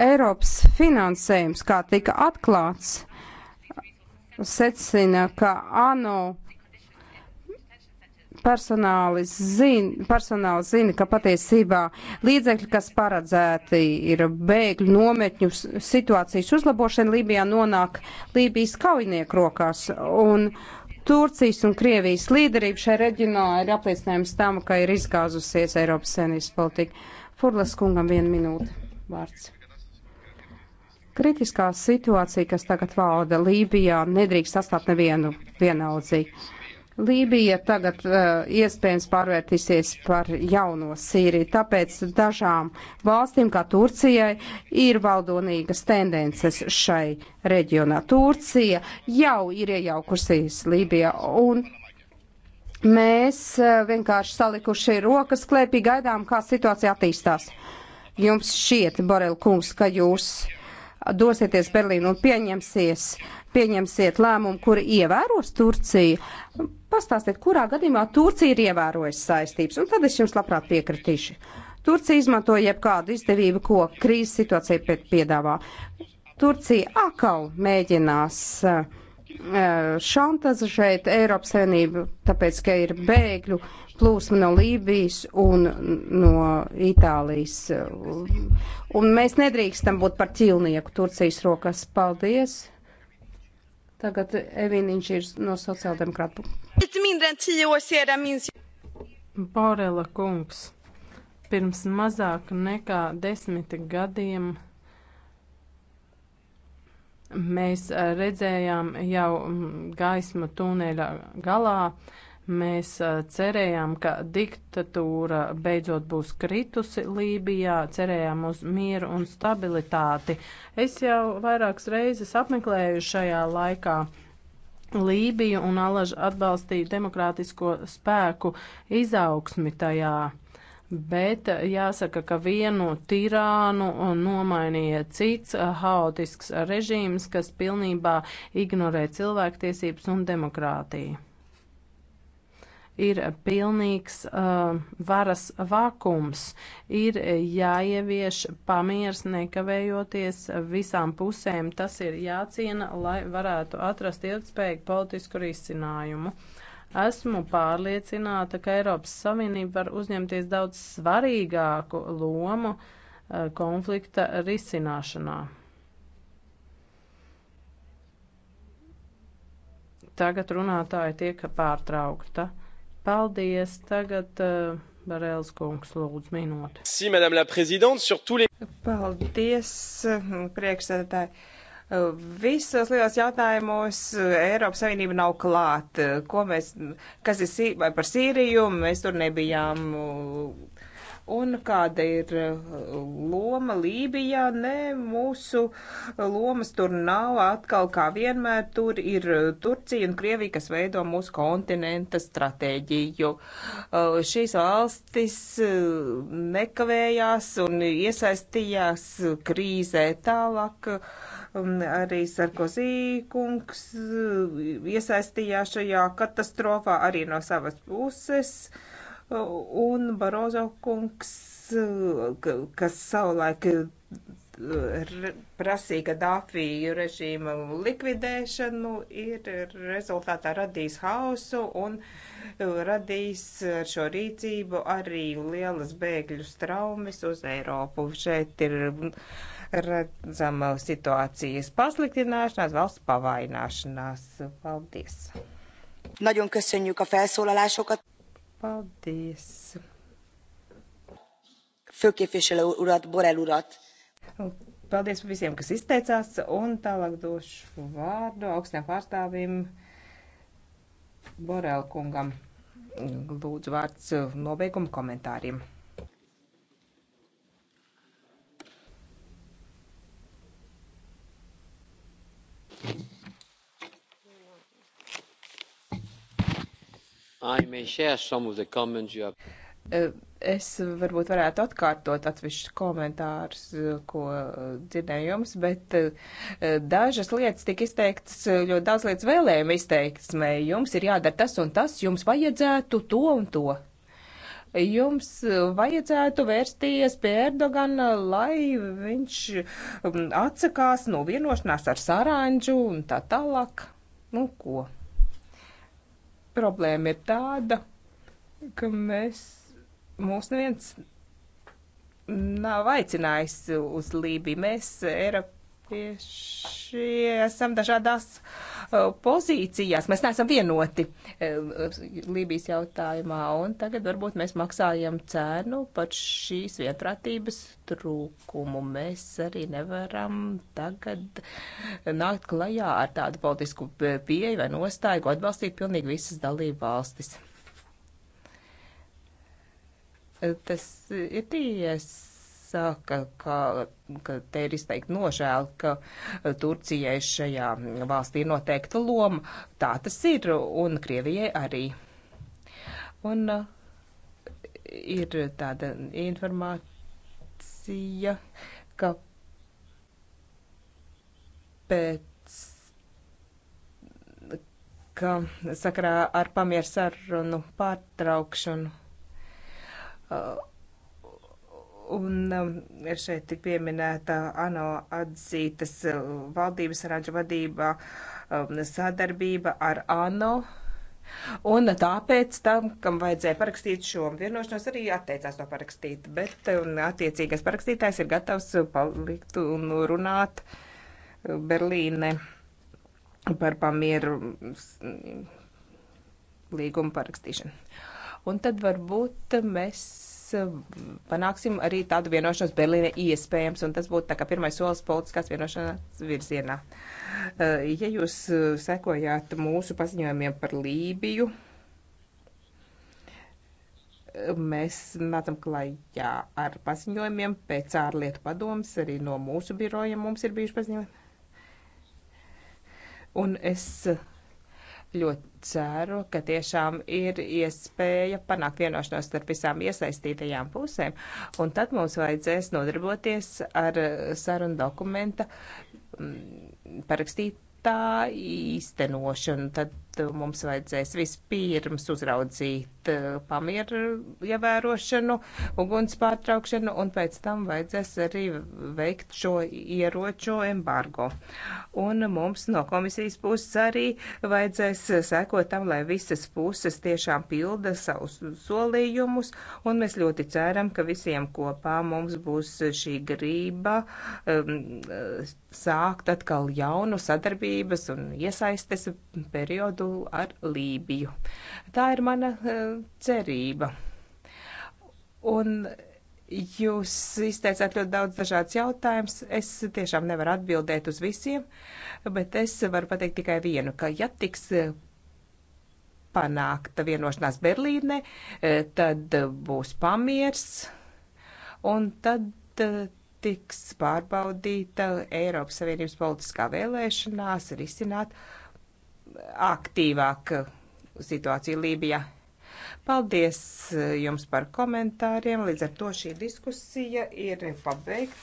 Eiropas finansējums, kā tika atklāts, secina, ka ANO personālis zina, personālis zina, ka patiesībā līdzekļi, kas paredzēti ir bēgļu nometņu situācijas uzlabošana Lībijā, nonāk Lībijas kaujinieku rokās. Un Turcijas un Krievijas līderība šajā reģionā ir apliecinājums tam, ka ir izgāzusies Eiropas senības politika. Furlas kungam vienu minūti vārds. Kritiskā situācija, kas tagad valda Lībijā, nedrīkst atstāt nevienu vienaldzīgi. Lībija tagad uh, iespējams pārvērtīsies par jauno Sīriju, tāpēc dažām valstīm, kā Turcijai, ir valdonīgas tendences šai reģionā. Turcija jau ir iejaukusies Lībijā un mēs uh, vienkārši salikuši rokas klēpī gaidām, kā situācija attīstās. Jums šiet, Borel kungs, ka jūs. Uh, dosieties Berlīnu un pieņemsies, pieņemsiet lēmumu, kur ievēros Turciju, pastāstiet, kurā gadījumā Turcija ir ievērojusi saistības, un tad es jums labprāt piekritīšu. Turcija izmanto jebkādu izdevību, ko krīzes situācija piedāvā. Turcija atkal mēģinās uh, Eh, šantažēt Eiropas Savienību, tāpēc, ka ir bēgļu plūsma no Lībijas un no Itālijas. Un mēs nedrīkstam būt par ķilnieku Turcijas rokas. Paldies! Tagad Evīniņš ir no sociāldemokrāta. Borela kungs, pirms mazāk nekā desmit gadiem Mēs eh, redzējām jau mm, gaismu tuneļa galā, mēs eh, cerējām, ka diktatūra beidzot būs kritusi Lībijā, cerējām uz mieru un stabilitāti. Es jau vairākas reizes apmeklēju šajā laikā Lībiju un alaži atbalstīju demokrātisko spēku izaugsmi tajā. Bet eh, jāsaka, ka vienu tirānu eh, nomainīja cits eh, haotisks režīms, kas pilnībā ignorē cilvēktiesības un demokrātiju. Ir pilnīgs uh, varas vakums, ir jāievieš pamiers nekavējoties visām pusēm. Tas ir jāciena, lai varētu atrast ilgspējīgu politisku risinājumu. Esmu pārliecināta, ka Eiropas Savienība var uzņemties daudz svarīgāku lomu eh, konflikta risināšanā. Tagad runātāja tiek pārtraukta. Paldies, tagad uh, Barēls kungs, lūdzu, minūte. Paldies, priekšsēdētāji. Visos lielos jautājumos eh, Eiropas Savienība nav klāt. Ko mēs, kas ir Sī, par Sīriju, mēs tur nebijām. Un kāda ir eh, loma Lībijā? Nē, mūsu lomas tur nav. Atkal kā vienmēr tur ir eh, Turcija un Krievija, kas veido mūsu kontinenta stratēģiju. Šīs valstis nekavējās un iesaistījās krīzē tālāk Arī Sarkozī kungs uh, iesaistījās šajā katastrofā arī no savas puses. Uh, un Barozo kungs, uh, kas savulaik prasīja Gadāfiju režīmu likvidēšanu, ir rezultātā radījis hausu un radījis ar šo rīcību arī lielas bēgļu straumes uz Eiropu. Šeit ir redzama situācijas pasliktināšanās, valsts pavaināšanās. Paldies! Nagyon köszönjük a felszólalásokat. Paldies. Főképviselő urat, Borel urat. Paldies visiem, kas izteicās, un tālāk došu vārdu augstiem pārstāvim Borel kungam. Lūdzu vārds nobeiguma komentāriem. Eh, es varbūt varētu atkārtot atsevišķus komentārus, eh, ko eh, dzirdēju jums, bet dažas lietas tika izteiktas, ļoti daudz lietas vēlējumi izteiksmē. Jums ir jādara tas un tas, jums vajadzētu to un to jums vajadzētu vērsties pie Erdogana, lai viņš um, atsakās no vienošanās ar Sarāņģu un tā tālāk. Nu, ko? Problēma ir tāda, ka mēs, mūs neviens nav aicinājis uz Lībiju. Mēs, Eiropieši, esam dažādās uh, Uh, pozīcijās. Mēs neesam vienoti uh, Lībijas jautājumā, un tagad varbūt mēs maksājam cēnu par šīs vienprātības trūkumu. Mēs arī nevaram tagad nākt klajā ar tādu politisku pieeju vai nostāju, ko atbalstīt pilnīgi visas dalību valstis. Tas ir tiesa jāsaka, ka, ka te ir izteikti nožēla, ka Turcijai šajā valstī ir noteikta loma. Tā tas ir, un Krievijai arī. Un eh, ir tāda informācija, ka pēc ka sakarā ar pamieru sarunu pārtraukšanu uh, Un um, šeit tik pieminēta ANO atzītas uh, valdības rāģa vadībā um, sadarbība ar ANO. Un tāpēc tam, kam vajadzēja parakstīt šo vienošanos, arī atteicās to parakstīt. Bet um, attiecīgais parakstītājs ir gatavs palikt un runāt uh, Berlīne par pamieru mm, līgumu parakstīšanu. Un tad varbūt mēs panāksim arī tādu vienošanos Berlīne iespējams, un tas būtu tā kā pirmais solis politiskās vienošanās virzienā. Eh, ja jūs eh, sekojāt mūsu paziņojumiem par Lībiju, eh, mēs nācam klajā ar paziņojumiem pēc ārlietu padomas, arī no mūsu biroja mums ir bijuši paziņojumi. Un es ļoti ceru, ka tiešām ir iespēja panākt vienošanos starp visām iesaistītajām pusēm, un tad mums vajadzēs nodarboties ar sarunu dokumenta mm, parakstītā īstenošanu. Tad mums vajadzēs vispirms uzraudzīt eh, pamieru ievērošanu, uguns pārtraukšanu, un pēc tam vajadzēs arī veikt šo ieroču embargo. Un mums no komisijas puses arī vajadzēs sekot tam, lai visas puses tiešām pilda savus solījumus, un mēs ļoti ceram, ka visiem kopā mums būs šī grība um, sākt atkal jaunu sadarbības un iesaistes periodu ar Lībiju. Tā ir mana eh, cerība. Un Jūs izteicāt ļoti daudz dažādas jautājumas. Es tiešām nevaru atbildēt uz visiem, bet es varu pateikt tikai vienu, ka ja tiks eh, panākta vienošanās Berlīne, eh, tad būs pamiers un tad tiks pārbaudīta Eiropas Savienības politiskā vēlēšanās risināt uh, aktīvāk situāciju Lībijā. Paldies eh, jums par komentāriem. Līdz ar to šī diskusija ir pabeigta.